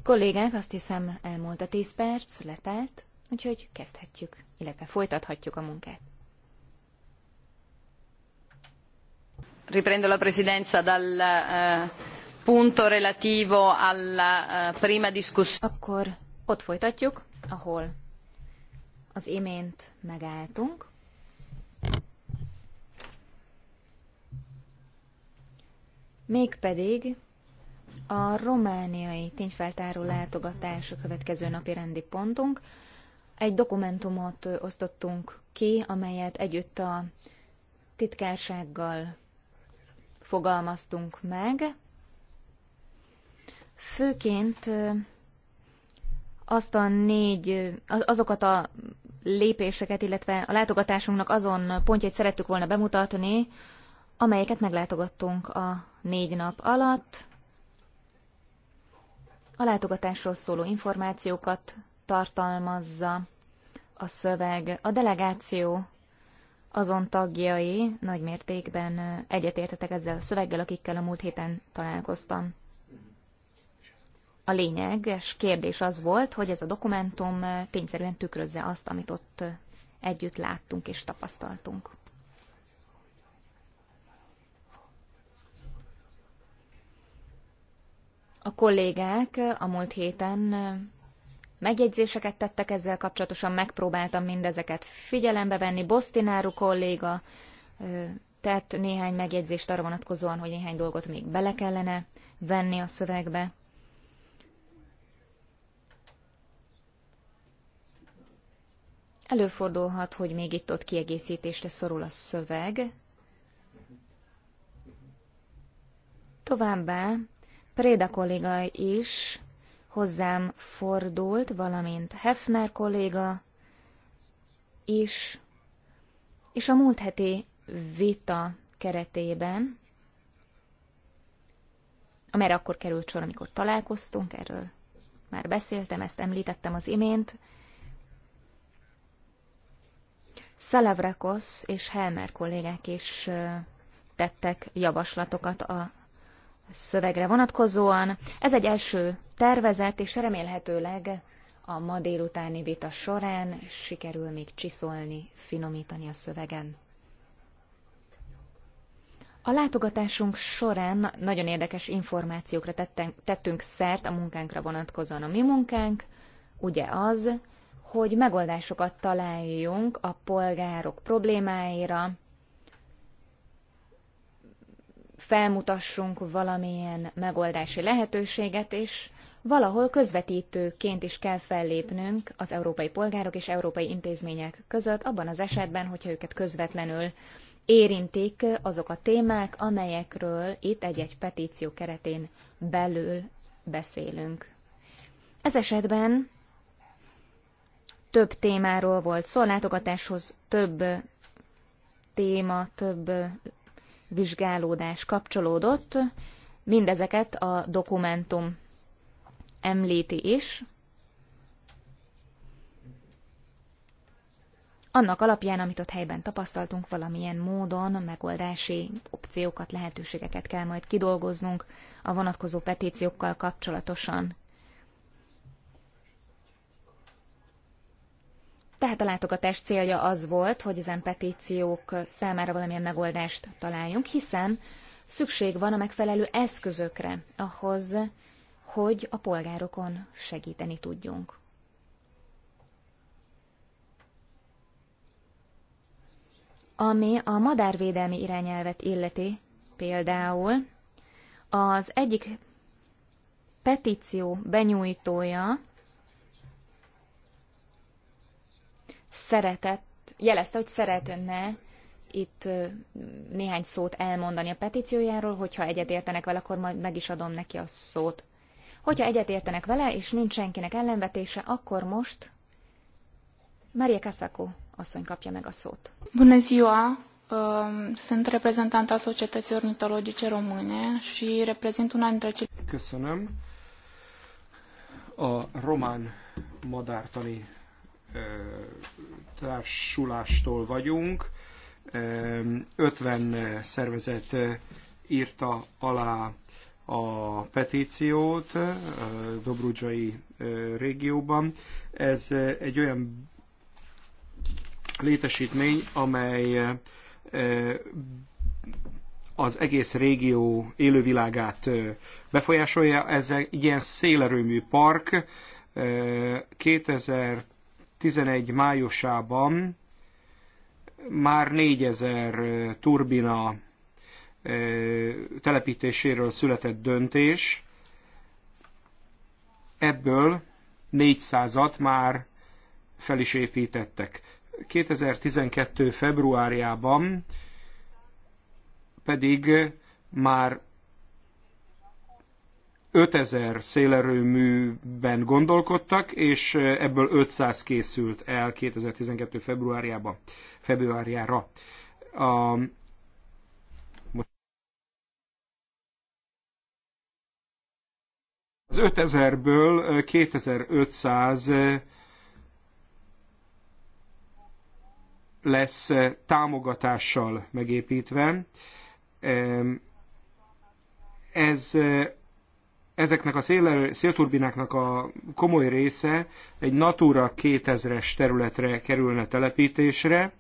Kollégák, azt hiszem elmúlt a 10 perc, letelt, úgyhogy kezdhetjük, illetve folytathatjuk a munkát. Riprendo la presidenza dal eh, punto relativo alla eh, prima discussione. Akkor ott folytatjuk, ahol az imént megálltunk. mégpedig a romániai tényfeltáró látogatás a következő napi rendi pontunk. Egy dokumentumot osztottunk ki, amelyet együtt a titkársággal fogalmaztunk meg. Főként azt a négy, azokat a lépéseket, illetve a látogatásunknak azon pontjait szerettük volna bemutatni, amelyeket meglátogattunk a négy nap alatt a látogatásról szóló információkat tartalmazza a szöveg. A delegáció azon tagjai nagy mértékben egyetértetek ezzel a szöveggel, akikkel a múlt héten találkoztam. A lényeges kérdés az volt, hogy ez a dokumentum tényszerűen tükrözze azt, amit ott együtt láttunk és tapasztaltunk. A kollégák a múlt héten megjegyzéseket tettek ezzel kapcsolatosan, megpróbáltam mindezeket figyelembe venni. Bosztináru kolléga tett néhány megjegyzést arra vonatkozóan, hogy néhány dolgot még bele kellene venni a szövegbe. Előfordulhat, hogy még itt-ott kiegészítésre szorul a szöveg. Továbbá Préda kolléga is hozzám fordult, valamint Hefner kolléga is, és a múlt heti vita keretében, amelyre akkor került sor, amikor találkoztunk, erről már beszéltem, ezt említettem az imént, Szalavrakosz és Helmer kollégák is tettek javaslatokat a szövegre vonatkozóan. Ez egy első tervezet, és remélhetőleg a ma délutáni vita során sikerül még csiszolni, finomítani a szövegen. A látogatásunk során nagyon érdekes információkra tettünk szert a munkánkra vonatkozóan. A mi munkánk ugye az, hogy megoldásokat találjunk a polgárok problémáira, felmutassunk valamilyen megoldási lehetőséget, és valahol közvetítőként is kell fellépnünk az európai polgárok és európai intézmények között, abban az esetben, hogyha őket közvetlenül érintik azok a témák, amelyekről itt egy-egy petíció keretén belül beszélünk. Ez esetben több témáról volt szó, a látogatáshoz több téma, több vizsgálódás kapcsolódott, mindezeket a dokumentum említi is, annak alapján, amit ott helyben tapasztaltunk, valamilyen módon megoldási opciókat, lehetőségeket kell majd kidolgoznunk a vonatkozó petíciókkal kapcsolatosan. Tehát a látogatás célja az volt, hogy ezen petíciók számára valamilyen megoldást találjunk, hiszen szükség van a megfelelő eszközökre ahhoz, hogy a polgárokon segíteni tudjunk. Ami a madárvédelmi irányelvet illeti, például az egyik petíció benyújtója szeretett, jelezte, hogy szeretne itt néhány szót elmondani a petíciójáról, hogyha egyetértenek vele, akkor majd meg is adom neki a szót. Hogyha egyetértenek vele, és nincs senkinek ellenvetése, akkor most Maria Casaco asszony kapja meg a szót. Bună ziua! Sunt a Societății Ornitologice Române și reprezint una dintre cele... Köszönöm. A román madártani társulástól vagyunk. 50 szervezet írta alá a petíciót a Dobrudzsai régióban. Ez egy olyan létesítmény, amely az egész régió élővilágát befolyásolja. Ez egy ilyen szélerőmű park. 2000 2011 májusában már 4000 turbina telepítéséről született döntés, ebből 400-at már fel is építettek. 2012. februárjában pedig már 5000 szélerőműben gondolkodtak, és ebből 500 készült el 2012. februárjába, februárjára. A, az 5000-ből 2500 lesz támogatással megépítve. Ez ezeknek a szél szélturbináknak a komoly része egy Natura 2000-es területre kerülne telepítésre.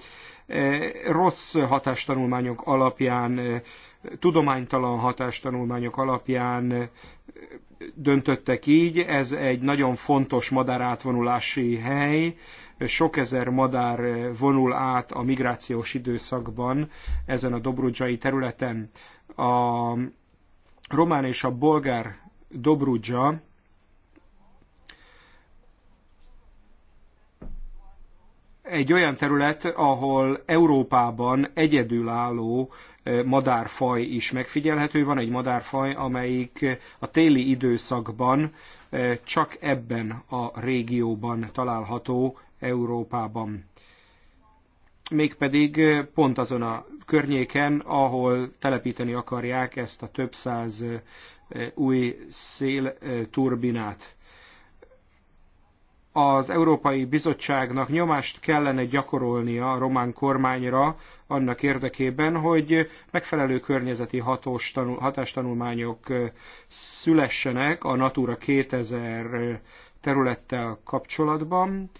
E, rossz hatástanulmányok alapján, e, tudománytalan hatástanulmányok alapján e, döntöttek így. Ez egy nagyon fontos madárátvonulási hely. Sok ezer madár vonul át a migrációs időszakban ezen a Dobrudzsai területen. A román és a bolgár Dobrudzsa egy olyan terület, ahol Európában egyedülálló eh, madárfaj is megfigyelhető. Van egy madárfaj, amelyik eh, a téli időszakban eh, csak ebben a régióban található Európában. Mégpedig pont azon a környéken, ahol telepíteni akarják ezt a több száz E, új szélturbinát. E, Az Európai Bizottságnak nyomást kellene gyakorolnia a román kormányra annak érdekében, hogy megfelelő környezeti hatós tanul, hatástanulmányok e, szülessenek a Natura 2000 területtel kapcsolatban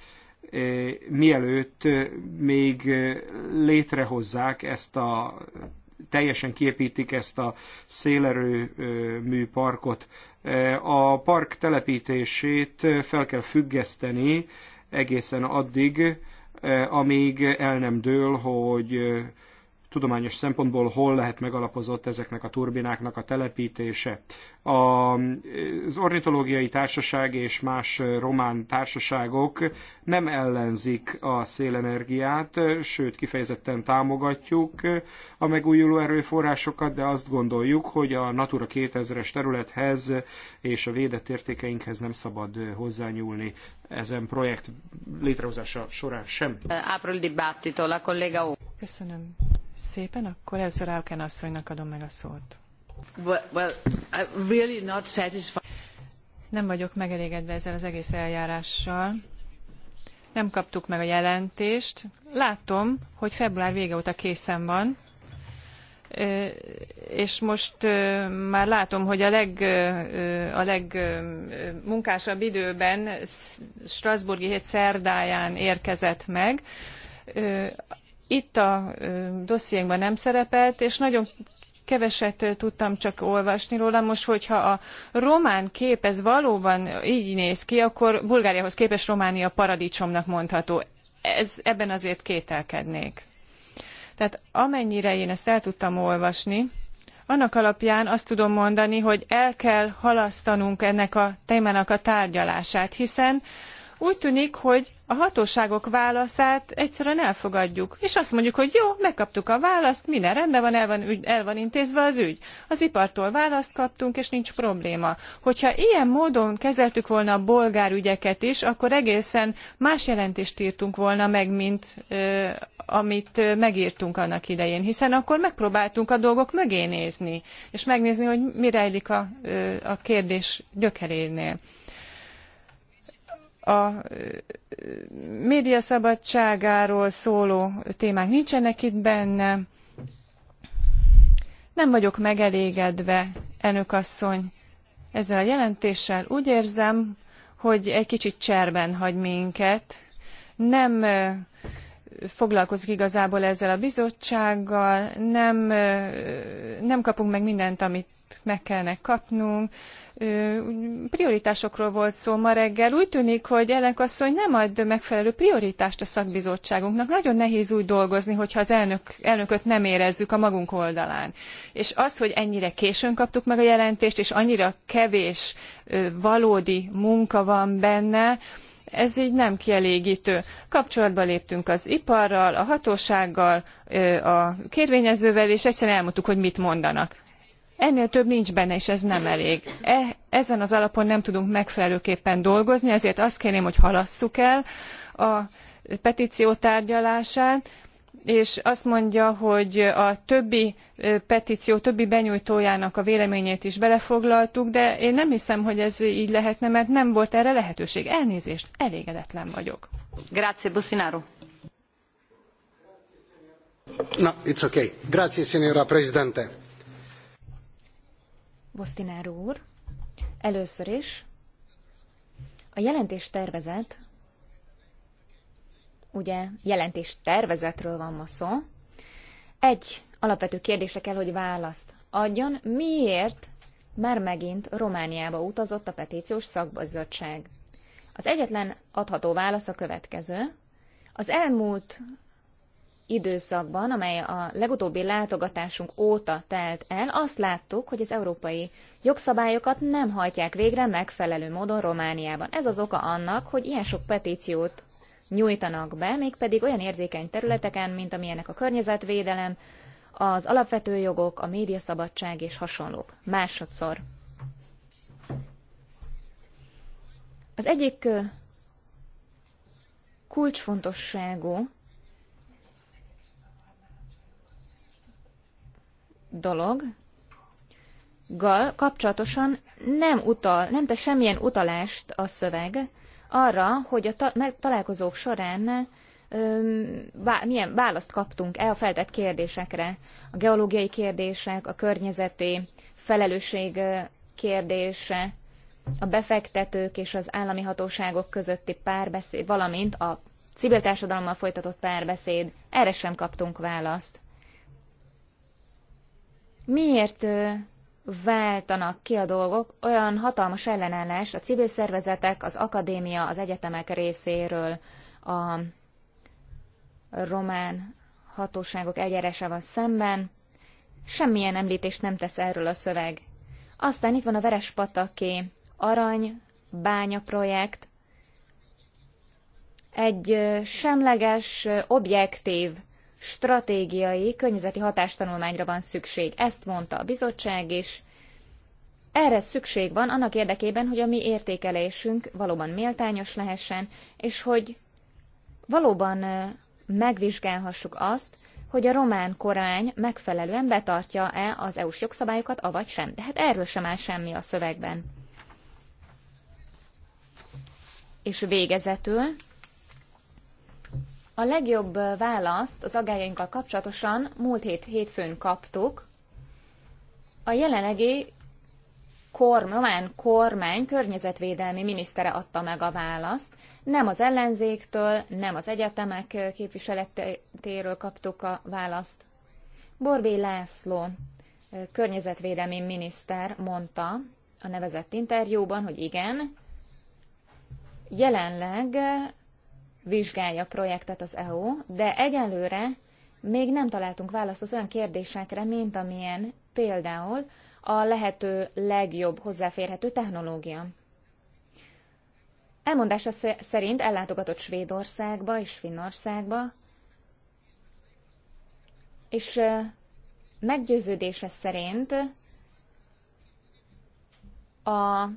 mielőtt még létrehozzák ezt a teljesen kiépítik ezt a szélerőmű parkot. A park telepítését fel kell függeszteni egészen addig, amíg el nem dől, hogy tudományos szempontból hol lehet megalapozott ezeknek a turbináknak a telepítése. Az ornitológiai társaság és más román társaságok nem ellenzik a szélenergiát, sőt kifejezetten támogatjuk a megújuló erőforrásokat, de azt gondoljuk, hogy a Natura 2000-es területhez és a védett értékeinkhez nem szabad hozzányúlni ezen projekt létrehozása során sem. Apro il dibattito, la collega Köszönöm szépen. Akkor először Auken asszonynak adom meg a szót. Well, well, I'm really not satisfied. Nem vagyok megelégedve ezzel az egész eljárással. Nem kaptuk meg a jelentést. Látom, hogy február vége óta készen van, és most már látom, hogy a, leg, a leg munkásabb időben Strasburgi hét szerdáján érkezett meg itt a dossziénkban nem szerepelt, és nagyon keveset tudtam csak olvasni róla. Most, hogyha a román kép ez valóban így néz ki, akkor Bulgáriához képest Románia paradicsomnak mondható. Ez, ebben azért kételkednék. Tehát amennyire én ezt el tudtam olvasni, annak alapján azt tudom mondani, hogy el kell halasztanunk ennek a témának a tárgyalását, hiszen úgy tűnik, hogy a hatóságok válaszát egyszerűen elfogadjuk, és azt mondjuk, hogy jó, megkaptuk a választ, minden rendben van, el van, ügy, el van intézve az ügy. Az ipartól választ kaptunk, és nincs probléma. Hogyha ilyen módon kezeltük volna a bolgár ügyeket is, akkor egészen más jelentést írtunk volna meg, mint ö, amit megírtunk annak idején, hiszen akkor megpróbáltunk a dolgok mögé nézni, és megnézni, hogy mi rejlik a, a kérdés gyökerénél a médiaszabadságáról szóló témák nincsenek itt benne. Nem vagyok megelégedve, elnök asszony, ezzel a jelentéssel. Úgy érzem, hogy egy kicsit cserben hagy minket. Nem foglalkozik igazából ezzel a bizottsággal, nem, nem kapunk meg mindent, amit meg kellene kapnunk. Prioritásokról volt szó ma reggel. Úgy tűnik, hogy elnök asszony nem ad megfelelő prioritást a szakbizottságunknak. Nagyon nehéz úgy dolgozni, hogyha az elnök, elnököt nem érezzük a magunk oldalán. És az, hogy ennyire későn kaptuk meg a jelentést, és annyira kevés valódi munka van benne, ez így nem kielégítő. Kapcsolatba léptünk az iparral, a hatósággal, a kérvényezővel, és egyszerűen elmondtuk, hogy mit mondanak. Ennél több nincs benne, és ez nem elég. E, ezen az alapon nem tudunk megfelelőképpen dolgozni, ezért azt kérném, hogy halasszuk el a petíció tárgyalását, és azt mondja, hogy a többi petíció többi benyújtójának a véleményét is belefoglaltuk, de én nem hiszem, hogy ez így lehetne, mert nem volt erre lehetőség. Elnézést, elégedetlen vagyok. Grazie, Bussinaro. No, it's okay. Grazie, signora Presidente. Bustináró úr, először is a jelentés tervezet ugye jelentés tervezetről van ma szó, egy alapvető kérdésre kell, hogy választ adjon, miért már megint Romániába utazott a petíciós szakbizottság. Az egyetlen adható válasz a következő. Az elmúlt időszakban, amely a legutóbbi látogatásunk óta telt el, azt láttuk, hogy az európai jogszabályokat nem hajtják végre megfelelő módon Romániában. Ez az oka annak, hogy ilyen sok petíciót nyújtanak be, mégpedig olyan érzékeny területeken, mint amilyenek a környezetvédelem, az alapvető jogok, a médiaszabadság és hasonlók. Másodszor. Az egyik kulcsfontosságú dolog, gal kapcsolatosan nem utal, nem tesz semmilyen utalást a szöveg arra, hogy a ta- találkozók során milyen választ kaptunk-e a feltett kérdésekre. A geológiai kérdések, a környezeti felelősség kérdése, a befektetők és az állami hatóságok közötti párbeszéd, valamint a civil társadalommal folytatott párbeszéd, erre sem kaptunk választ. Miért váltanak ki a dolgok, olyan hatalmas ellenállás a civil szervezetek, az akadémia, az egyetemek részéről, a román hatóságok eljárásával szemben. Semmilyen említést nem tesz erről a szöveg. Aztán itt van a Verespataki arany bánya projekt. Egy semleges, objektív stratégiai környezeti hatástanulmányra van szükség. Ezt mondta a bizottság is. Erre szükség van annak érdekében, hogy a mi értékelésünk valóban méltányos lehessen, és hogy valóban megvizsgálhassuk azt, hogy a román kormány megfelelően betartja-e az EU-s jogszabályokat, avagy sem. De hát erről sem áll semmi a szövegben. És végezetül a legjobb választ az agályainkkal kapcsolatosan múlt hét hétfőn kaptuk. A jelenlegi kormány román kormány környezetvédelmi minisztere adta meg a választ. Nem az ellenzéktől, nem az egyetemek képviseletéről kaptuk a választ. Borbé László környezetvédelmi miniszter mondta a nevezett interjúban, hogy igen, jelenleg vizsgálja a projektet az EU, de egyelőre még nem találtunk választ az olyan kérdésekre, mint amilyen például a lehető legjobb hozzáférhető technológia. Elmondása szerint ellátogatott Svédországba és Finnországba, és meggyőződése szerint a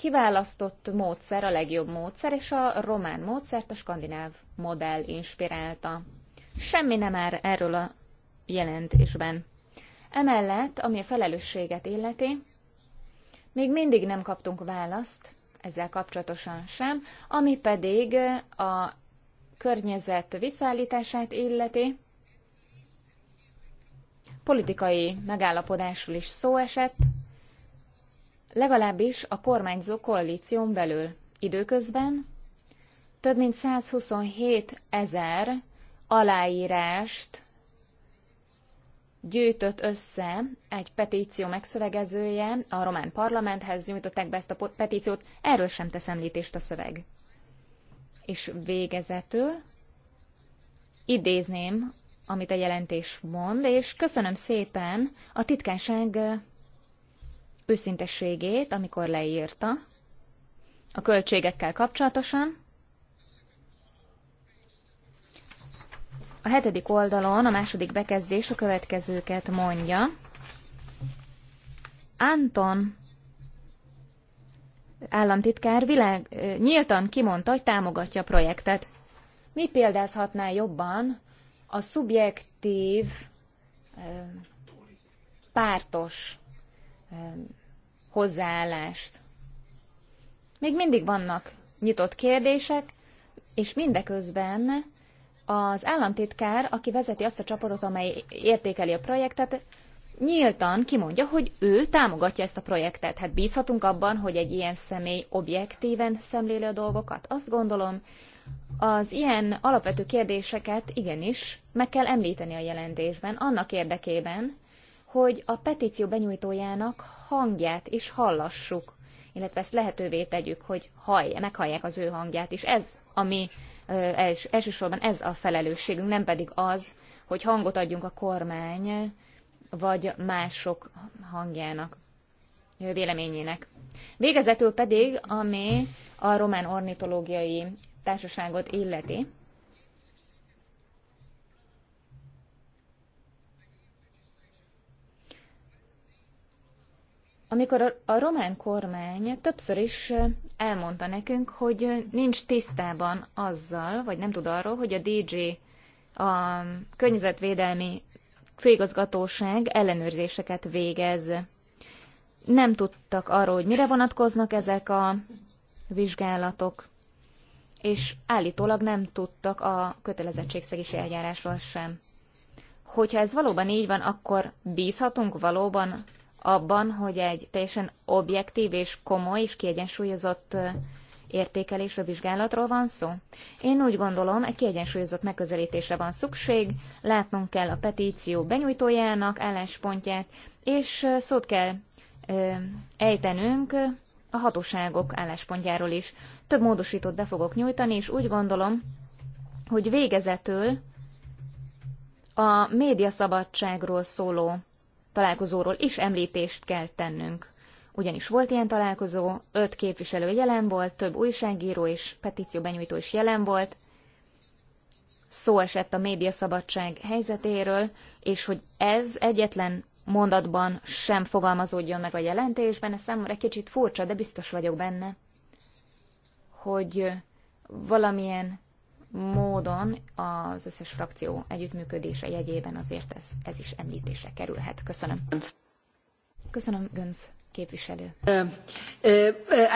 kiválasztott módszer a legjobb módszer, és a román módszert a skandináv modell inspirálta. Semmi nem áll erről a jelentésben. Emellett, ami a felelősséget illeti, még mindig nem kaptunk választ ezzel kapcsolatosan sem, ami pedig a környezet visszaállítását illeti. Politikai megállapodásról is szó esett, legalábbis a kormányzó koalíción belül. Időközben több mint 127 ezer aláírást gyűjtött össze egy petíció megszövegezője, a román parlamenthez nyújtották be ezt a petíciót, erről sem tesz említést a szöveg. És végezetül idézném, amit a jelentés mond, és köszönöm szépen a titkánság őszintességét, amikor leírta a költségekkel kapcsolatosan. A hetedik oldalon a második bekezdés a következőket mondja. Anton államtitkár világ, nyíltan kimondta, hogy támogatja a projektet. Mi példázhatná jobban a szubjektív, pártos hozzáállást. Még mindig vannak nyitott kérdések, és mindeközben az államtitkár, aki vezeti azt a csapatot, amely értékeli a projektet, nyíltan kimondja, hogy ő támogatja ezt a projektet. Hát bízhatunk abban, hogy egy ilyen személy objektíven szemléli a dolgokat? Azt gondolom, az ilyen alapvető kérdéseket igenis meg kell említeni a jelentésben, annak érdekében, hogy a petíció benyújtójának hangját is hallassuk, illetve ezt lehetővé tegyük, hogy hallja, meghallják az ő hangját is. Ez a mi els, elsősorban ez a felelősségünk, nem pedig az, hogy hangot adjunk a kormány vagy mások hangjának, véleményének. Végezetül pedig, ami a román ornitológiai társaságot illeti, amikor a, román kormány többször is elmondta nekünk, hogy nincs tisztában azzal, vagy nem tud arról, hogy a DJ, a környezetvédelmi főigazgatóság ellenőrzéseket végez. Nem tudtak arról, hogy mire vonatkoznak ezek a vizsgálatok, és állítólag nem tudtak a kötelezettségszegési eljárásról sem. Hogyha ez valóban így van, akkor bízhatunk valóban abban, hogy egy teljesen objektív és komoly és kiegyensúlyozott értékelésről, vizsgálatról van szó? Én úgy gondolom, egy kiegyensúlyozott megközelítésre van szükség, látnunk kell a petíció benyújtójának álláspontját, és szót kell ö, ejtenünk a hatóságok álláspontjáról is. Több módosítót be fogok nyújtani, és úgy gondolom, hogy végezetül a médiaszabadságról szóló találkozóról is említést kell tennünk. Ugyanis volt ilyen találkozó, öt képviselő jelen volt, több újságíró és petícióbenyújtó is jelen volt. Szó esett a médiaszabadság helyzetéről, és hogy ez egyetlen mondatban sem fogalmazódjon meg a jelentésben, ez számomra egy kicsit furcsa, de biztos vagyok benne, hogy valamilyen módon az összes frakció együttműködése jegyében azért ez, ez is említésre kerülhet. Köszönöm. Köszönöm, Gönz képviselő. Uh, uh,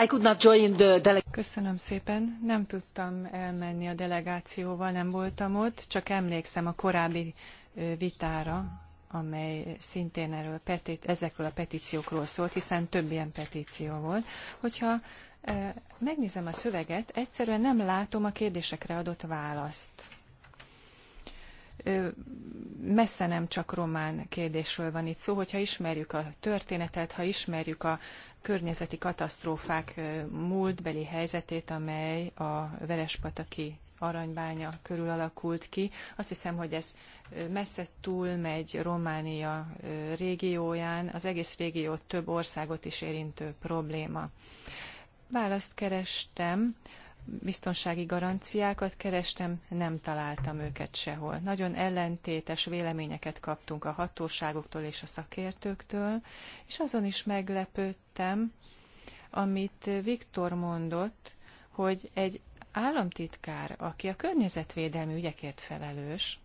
I could not join the Köszönöm szépen. Nem tudtam elmenni a delegációval, nem voltam ott, csak emlékszem a korábbi uh, vitára, amely szintén erről ezekről a petíciókról szólt, hiszen több ilyen petíció volt. Hogyha megnézem a szöveget, egyszerűen nem látom a kérdésekre adott választ. Messze nem csak román kérdésről van itt szó, hogyha ismerjük a történetet, ha ismerjük a környezeti katasztrófák múltbeli helyzetét, amely a Verespataki aranybánya körül alakult ki. Azt hiszem, hogy ez messze megy Románia régióján, az egész régiót több országot is érintő probléma. Választ kerestem, biztonsági garanciákat kerestem, nem találtam őket sehol. Nagyon ellentétes véleményeket kaptunk a hatóságoktól és a szakértőktől, és azon is meglepődtem, amit Viktor mondott, hogy egy államtitkár, aki a környezetvédelmi ügyekért felelős,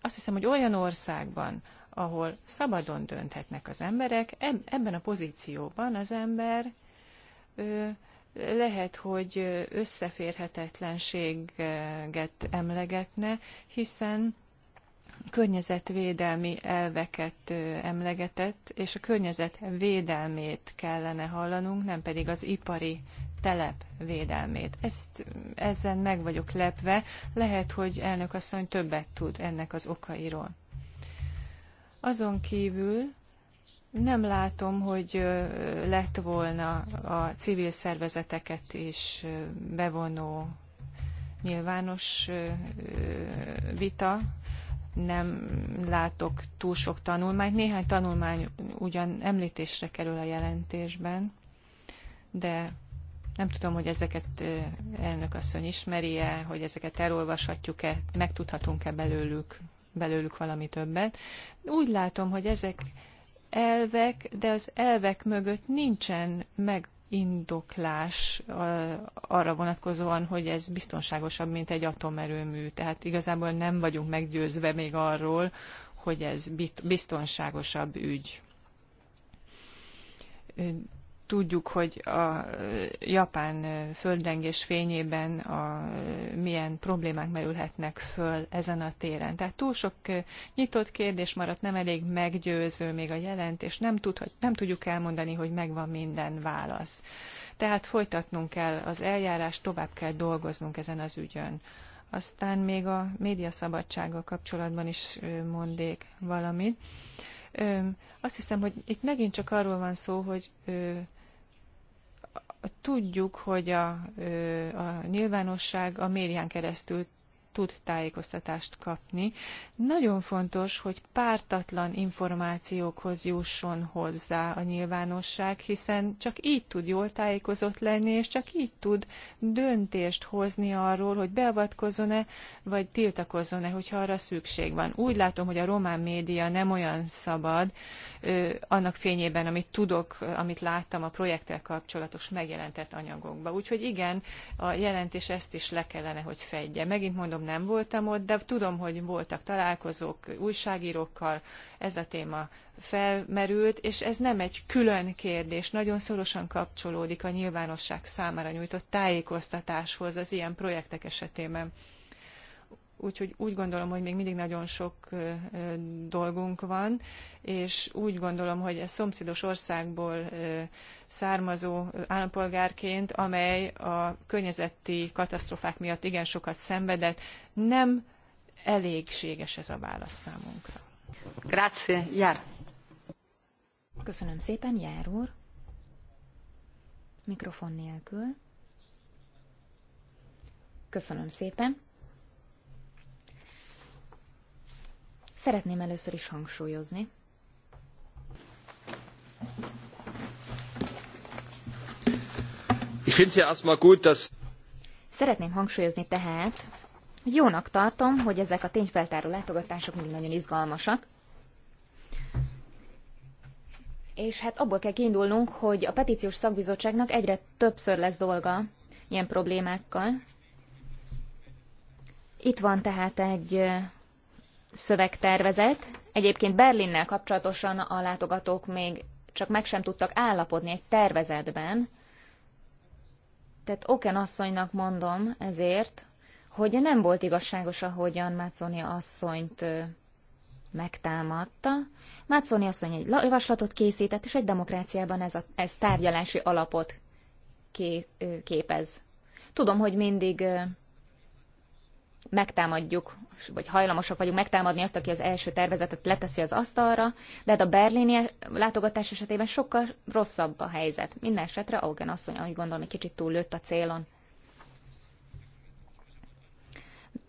azt hiszem, hogy olyan országban, ahol szabadon dönthetnek az emberek, ebben a pozícióban az ember lehet, hogy összeférhetetlenséget emlegetne, hiszen környezetvédelmi elveket emlegetett, és a környezet védelmét kellene hallanunk, nem pedig az ipari telep védelmét. Ezt, ezen meg vagyok lepve. Lehet, hogy elnök asszony többet tud ennek az okairól. Azon kívül nem látom, hogy lett volna a civil szervezeteket is bevonó nyilvános vita, nem látok túl sok tanulmányt. Néhány tanulmány ugyan említésre kerül a jelentésben, de nem tudom, hogy ezeket elnök asszony ismeri-e, hogy ezeket elolvashatjuk-e, megtudhatunk-e belőlük, belőlük valami többet. Úgy látom, hogy ezek elvek, de az elvek mögött nincsen meg indoklás arra vonatkozóan, hogy ez biztonságosabb, mint egy atomerőmű. Tehát igazából nem vagyunk meggyőzve még arról, hogy ez biztonságosabb ügy tudjuk, hogy a japán földrengés fényében a, milyen problémák merülhetnek föl ezen a téren. Tehát túl sok nyitott kérdés maradt, nem elég meggyőző még a jelentés, nem, tud, nem tudjuk elmondani, hogy megvan minden válasz. Tehát folytatnunk kell az eljárást, tovább kell dolgoznunk ezen az ügyön. Aztán még a médiaszabadsággal kapcsolatban is mondék valamit. Azt hiszem, hogy itt megint csak arról van szó, hogy tudjuk, hogy a, a nyilvánosság a médián keresztül tud tájékoztatást kapni. Nagyon fontos, hogy pártatlan információkhoz jusson hozzá a nyilvánosság, hiszen csak így tud jól tájékozott lenni, és csak így tud döntést hozni arról, hogy beavatkozzon-e, vagy tiltakozzon-e, hogyha arra szükség van. Úgy látom, hogy a román média nem olyan szabad, ö, annak fényében, amit tudok, amit láttam a projekttel kapcsolatos megjelentett anyagokba. Úgyhogy igen, a jelentés ezt is le kellene, hogy fedje. Megint mondom, nem voltam ott, de tudom, hogy voltak találkozók újságírókkal, ez a téma felmerült, és ez nem egy külön kérdés, nagyon szorosan kapcsolódik a nyilvánosság számára nyújtott tájékoztatáshoz az ilyen projektek esetében. Úgyhogy úgy gondolom, hogy még mindig nagyon sok dolgunk van, és úgy gondolom, hogy a szomszédos országból származó állampolgárként, amely a környezeti katasztrofák miatt igen sokat szenvedett, nem elégséges ez a válasz számunkra. Grazie, Jár. Köszönöm szépen, Jár úr. Mikrofon nélkül. Köszönöm szépen. Szeretném először is hangsúlyozni, Ich finde es ja erstmal gut, dass Szeretném hangsúlyozni tehát, hogy jónak tartom, hogy ezek a tényfeltáró látogatások mindig nagyon izgalmasak. És hát abból kell kiindulnunk, hogy a petíciós szakbizottságnak egyre többször lesz dolga ilyen problémákkal. Itt van tehát egy szövegtervezet. Egyébként Berlinnel kapcsolatosan a látogatók még csak meg sem tudtak állapodni egy tervezetben. Tehát Oken asszonynak mondom ezért, hogy nem volt igazságos, ahogyan Mátszónia asszonyt megtámadta. Mátszónia asszony egy javaslatot készített, és egy demokráciában ez, a, ez tárgyalási alapot ké, képez. Tudom, hogy mindig megtámadjuk, vagy hajlamosak vagyunk megtámadni azt, aki az első tervezetet leteszi az asztalra, de hát a berlini látogatás esetében sokkal rosszabb a helyzet. Minden esetre Augen asszony, ahogy gondolom, egy kicsit túl lőtt a célon.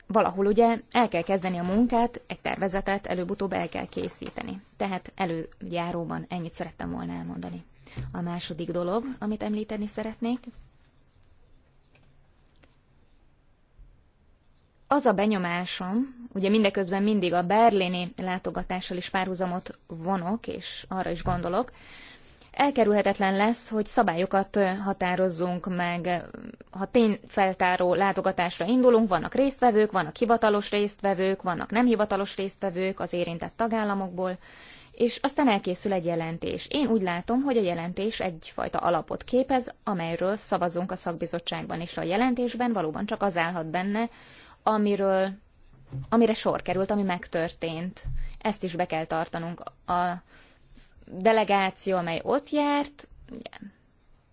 Valahol ugye el kell kezdeni a munkát, egy tervezetet előbb-utóbb el kell készíteni. Tehát előjáróban ennyit szerettem volna elmondani. A második dolog, amit említeni szeretnék, az a benyomásom, ugye mindeközben mindig a berlini látogatással is párhuzamot vonok, és arra is gondolok, elkerülhetetlen lesz, hogy szabályokat határozzunk meg. Ha tényfeltáró látogatásra indulunk, vannak résztvevők, vannak hivatalos résztvevők, vannak nem hivatalos résztvevők az érintett tagállamokból, és aztán elkészül egy jelentés. Én úgy látom, hogy a jelentés egyfajta alapot képez, amelyről szavazunk a szakbizottságban, és a jelentésben valóban csak az állhat benne, amiről, amire sor került, ami megtörtént. Ezt is be kell tartanunk. A delegáció, amely ott járt,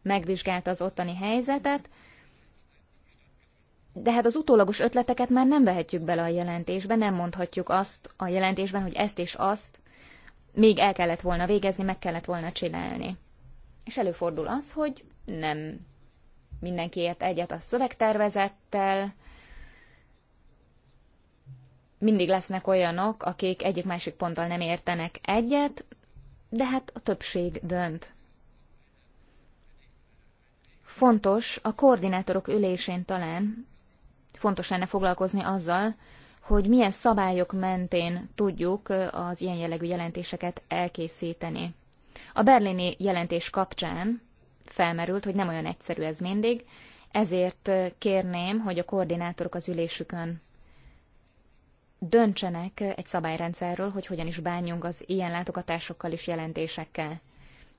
megvizsgálta az ottani helyzetet, de hát az utólagos ötleteket már nem vehetjük bele a jelentésbe, nem mondhatjuk azt a jelentésben, hogy ezt és azt még el kellett volna végezni, meg kellett volna csinálni. És előfordul az, hogy nem mindenki ért egyet a szövegtervezettel, mindig lesznek olyanok, akik egyik-másik ponttal nem értenek egyet, de hát a többség dönt. Fontos, a koordinátorok ülésén talán fontos lenne foglalkozni azzal, hogy milyen szabályok mentén tudjuk az ilyen jellegű jelentéseket elkészíteni. A berlini jelentés kapcsán felmerült, hogy nem olyan egyszerű ez mindig, ezért kérném, hogy a koordinátorok az ülésükön döntsenek egy szabályrendszerről, hogy hogyan is bánjunk az ilyen látogatásokkal és jelentésekkel.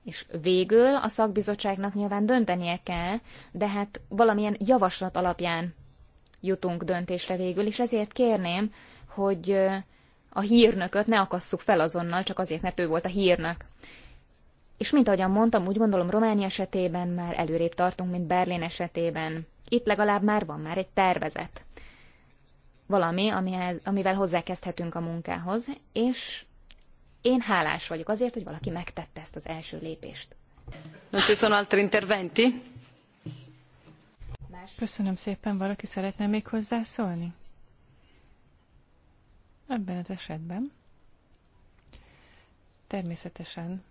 És végül a szakbizottságnak nyilván döntenie kell, de hát valamilyen javaslat alapján jutunk döntésre végül, és ezért kérném, hogy a hírnököt ne akasszuk fel azonnal, csak azért, mert ő volt a hírnök. És mint ahogyan mondtam, úgy gondolom Románia esetében már előrébb tartunk, mint Berlin esetében. Itt legalább már van már egy tervezet valami, amihez, amivel hozzákezdhetünk a munkához, és én hálás vagyok azért, hogy valaki megtette ezt az első lépést. Köszönöm szépen, valaki szeretne még hozzászólni? Ebben az esetben. Természetesen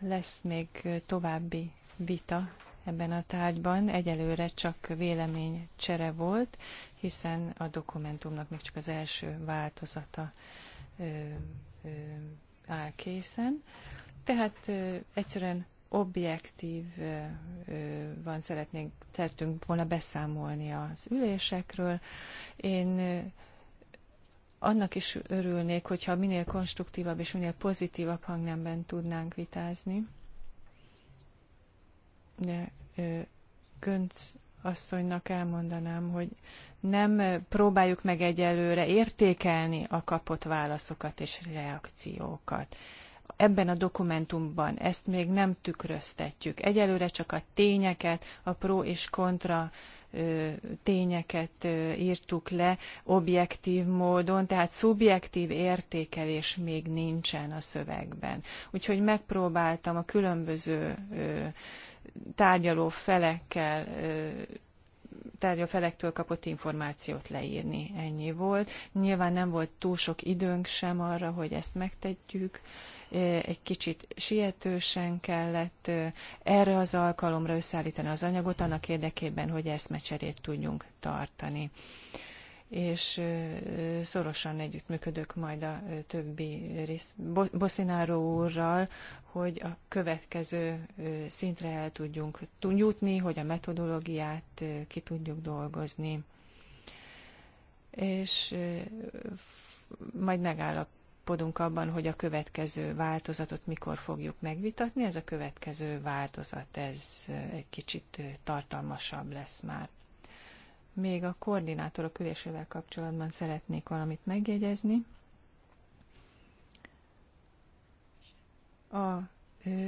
lesz még további vita ebben a tárgyban. Egyelőre csak vélemény csere volt, hiszen a dokumentumnak még csak az első változata ö, ö, áll készen. Tehát ö, egyszerűen objektív van, szeretnénk, tettünk volna beszámolni az ülésekről. Én annak is örülnék, hogyha minél konstruktívabb és minél pozitívabb hangnemben tudnánk vitázni de Gönc asszonynak elmondanám, hogy nem próbáljuk meg egyelőre értékelni a kapott válaszokat és reakciókat. Ebben a dokumentumban ezt még nem tükröztetjük. Egyelőre csak a tényeket, a pro és kontra tényeket írtuk le objektív módon, tehát szubjektív értékelés még nincsen a szövegben. Úgyhogy megpróbáltam a különböző tárgyaló felekkel tárgyal felektől kapott információt leírni. Ennyi volt. Nyilván nem volt túl sok időnk sem arra, hogy ezt megtegyük. Egy kicsit sietősen kellett erre az alkalomra összeállítani az anyagot, annak érdekében, hogy eszmecserét tudjunk tartani és szorosan együttműködök majd a többi rész, Boszináró úrral, hogy a következő szintre el tudjunk jutni, hogy a metodológiát ki tudjuk dolgozni. És majd megállapodunk abban, hogy a következő változatot mikor fogjuk megvitatni. Ez a következő változat, ez egy kicsit tartalmasabb lesz már. Még a koordinátorok ülésével kapcsolatban szeretnék valamit megjegyezni. A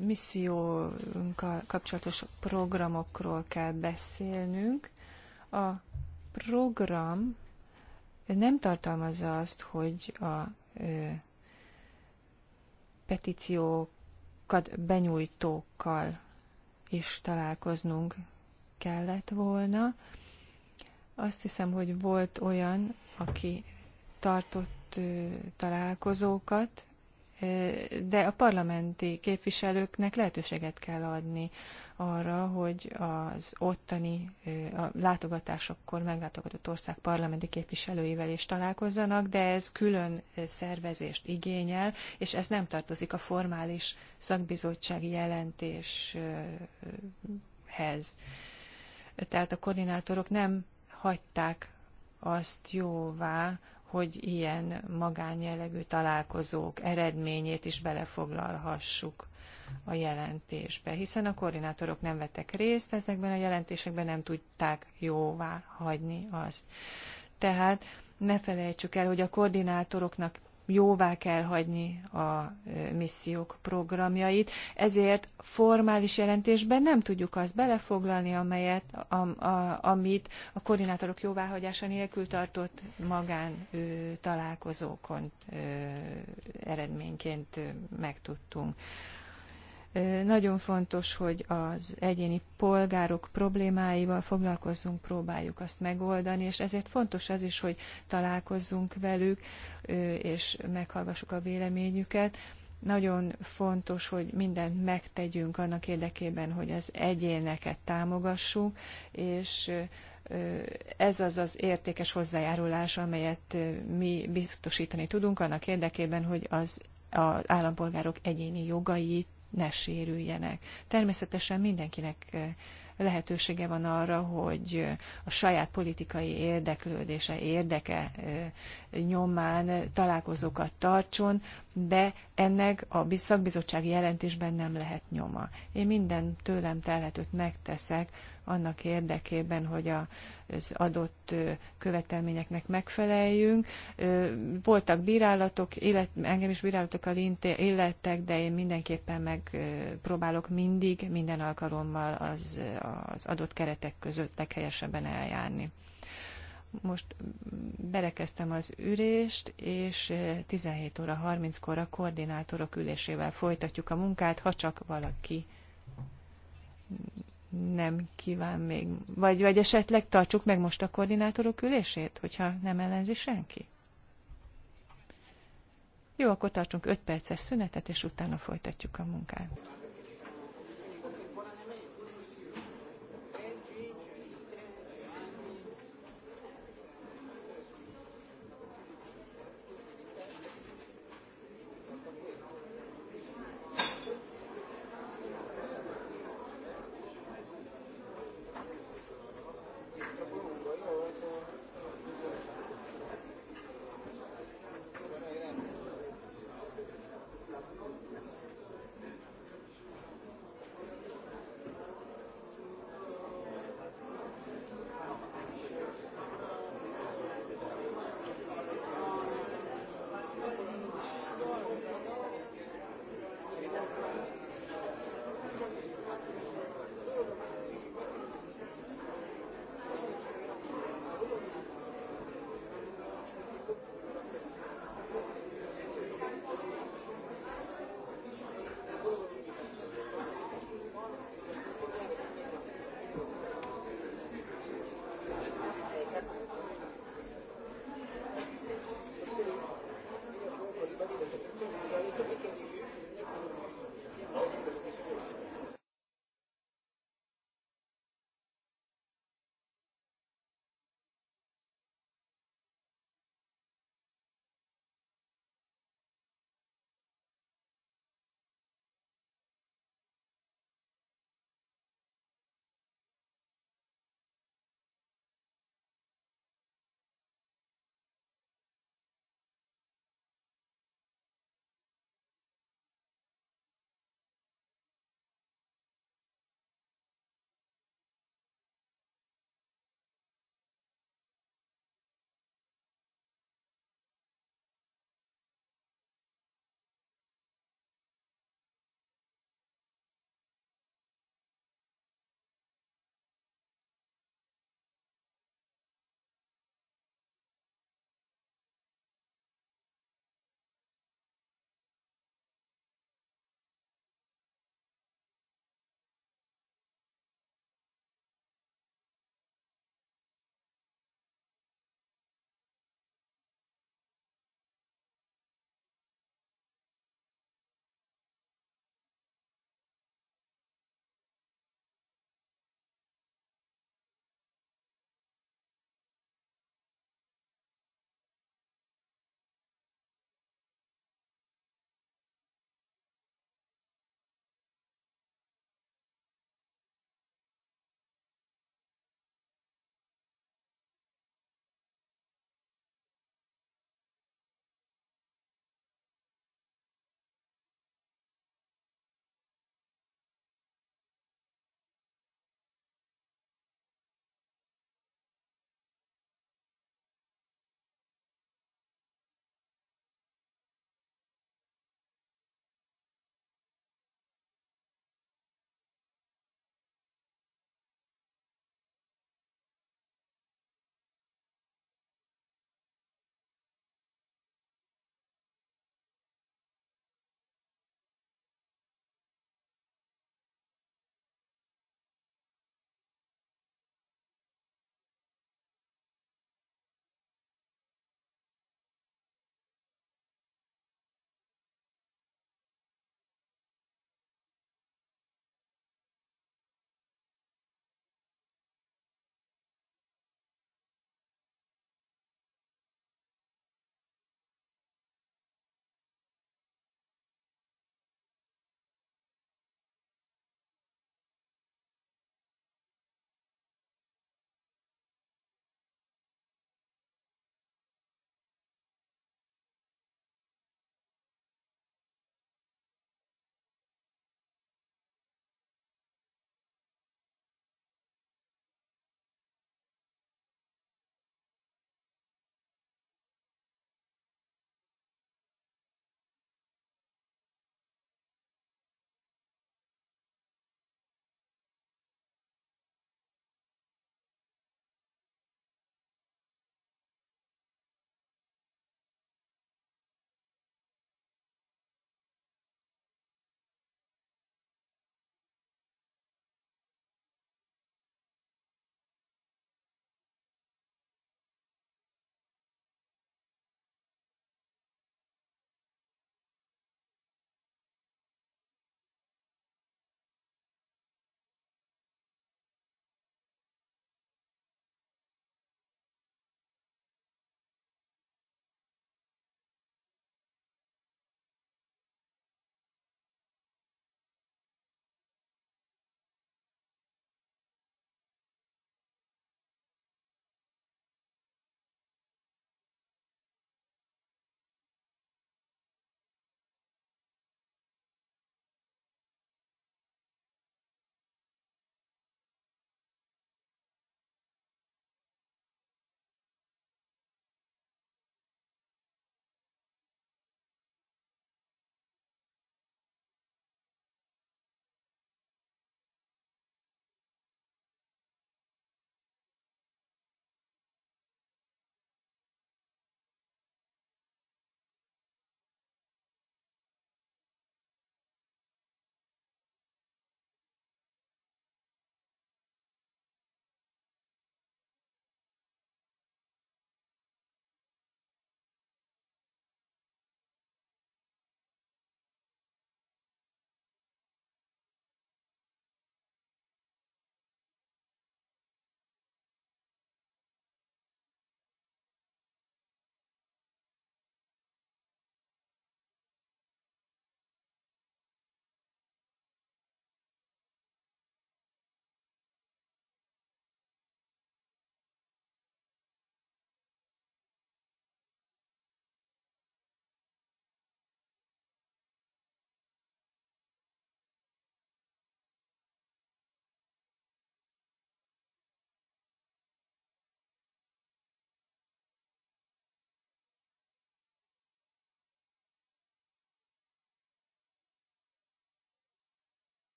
missziónkkal kapcsolatos programokról kell beszélnünk. A program nem tartalmazza azt, hogy a petíciókat benyújtókkal is találkoznunk kellett volna. Azt hiszem, hogy volt olyan, aki tartott találkozókat, de a parlamenti képviselőknek lehetőséget kell adni arra, hogy az ottani a látogatásokkor meglátogatott ország parlamenti képviselőivel is találkozzanak, de ez külön szervezést igényel, és ez nem tartozik a formális szakbizottsági jelentéshez. Tehát a koordinátorok nem hagyták azt jóvá, hogy ilyen magánjellegű találkozók eredményét is belefoglalhassuk a jelentésbe, hiszen a koordinátorok nem vettek részt ezekben a jelentésekben, nem tudták jóvá hagyni azt. Tehát ne felejtsük el, hogy a koordinátoroknak jóvá kell hagyni a missziók programjait, ezért formális jelentésben nem tudjuk azt belefoglalni, amelyet, a, a, amit a koordinátorok jóváhagyása nélkül tartott magán ö, találkozókon ö, eredményként ö, megtudtunk. Ö, nagyon fontos, hogy az egyéni polgárok problémáival foglalkozzunk, próbáljuk azt megoldani, és ezért fontos az is, hogy találkozzunk velük, és meghallgassuk a véleményüket. Nagyon fontos, hogy mindent megtegyünk annak érdekében, hogy az egyéneket támogassuk, és ez az az értékes hozzájárulás, amelyet mi biztosítani tudunk annak érdekében, hogy az, az állampolgárok egyéni jogait ne sérüljenek. Természetesen mindenkinek eh, lehetősége van arra, hogy eh, a saját politikai érdeklődése, érdeke eh, nyomán találkozókat tartson, de ennek a szakbizottsági jelentésben nem lehet nyoma. Én minden tőlem telhetőt megteszek, annak érdekében, hogy az adott követelményeknek megfeleljünk. Voltak bírálatok, illet, engem is bírálatokkal illettek, de én mindenképpen megpróbálok mindig, minden alkalommal az, az adott keretek között leghelyesebben eljárni most berekeztem az ürést, és 17 óra 30-kor a koordinátorok ülésével folytatjuk a munkát, ha csak valaki nem kíván még, vagy, vagy esetleg tartsuk meg most a koordinátorok ülését, hogyha nem ellenzi senki? Jó, akkor tartsunk 5 perces szünetet, és utána folytatjuk a munkát.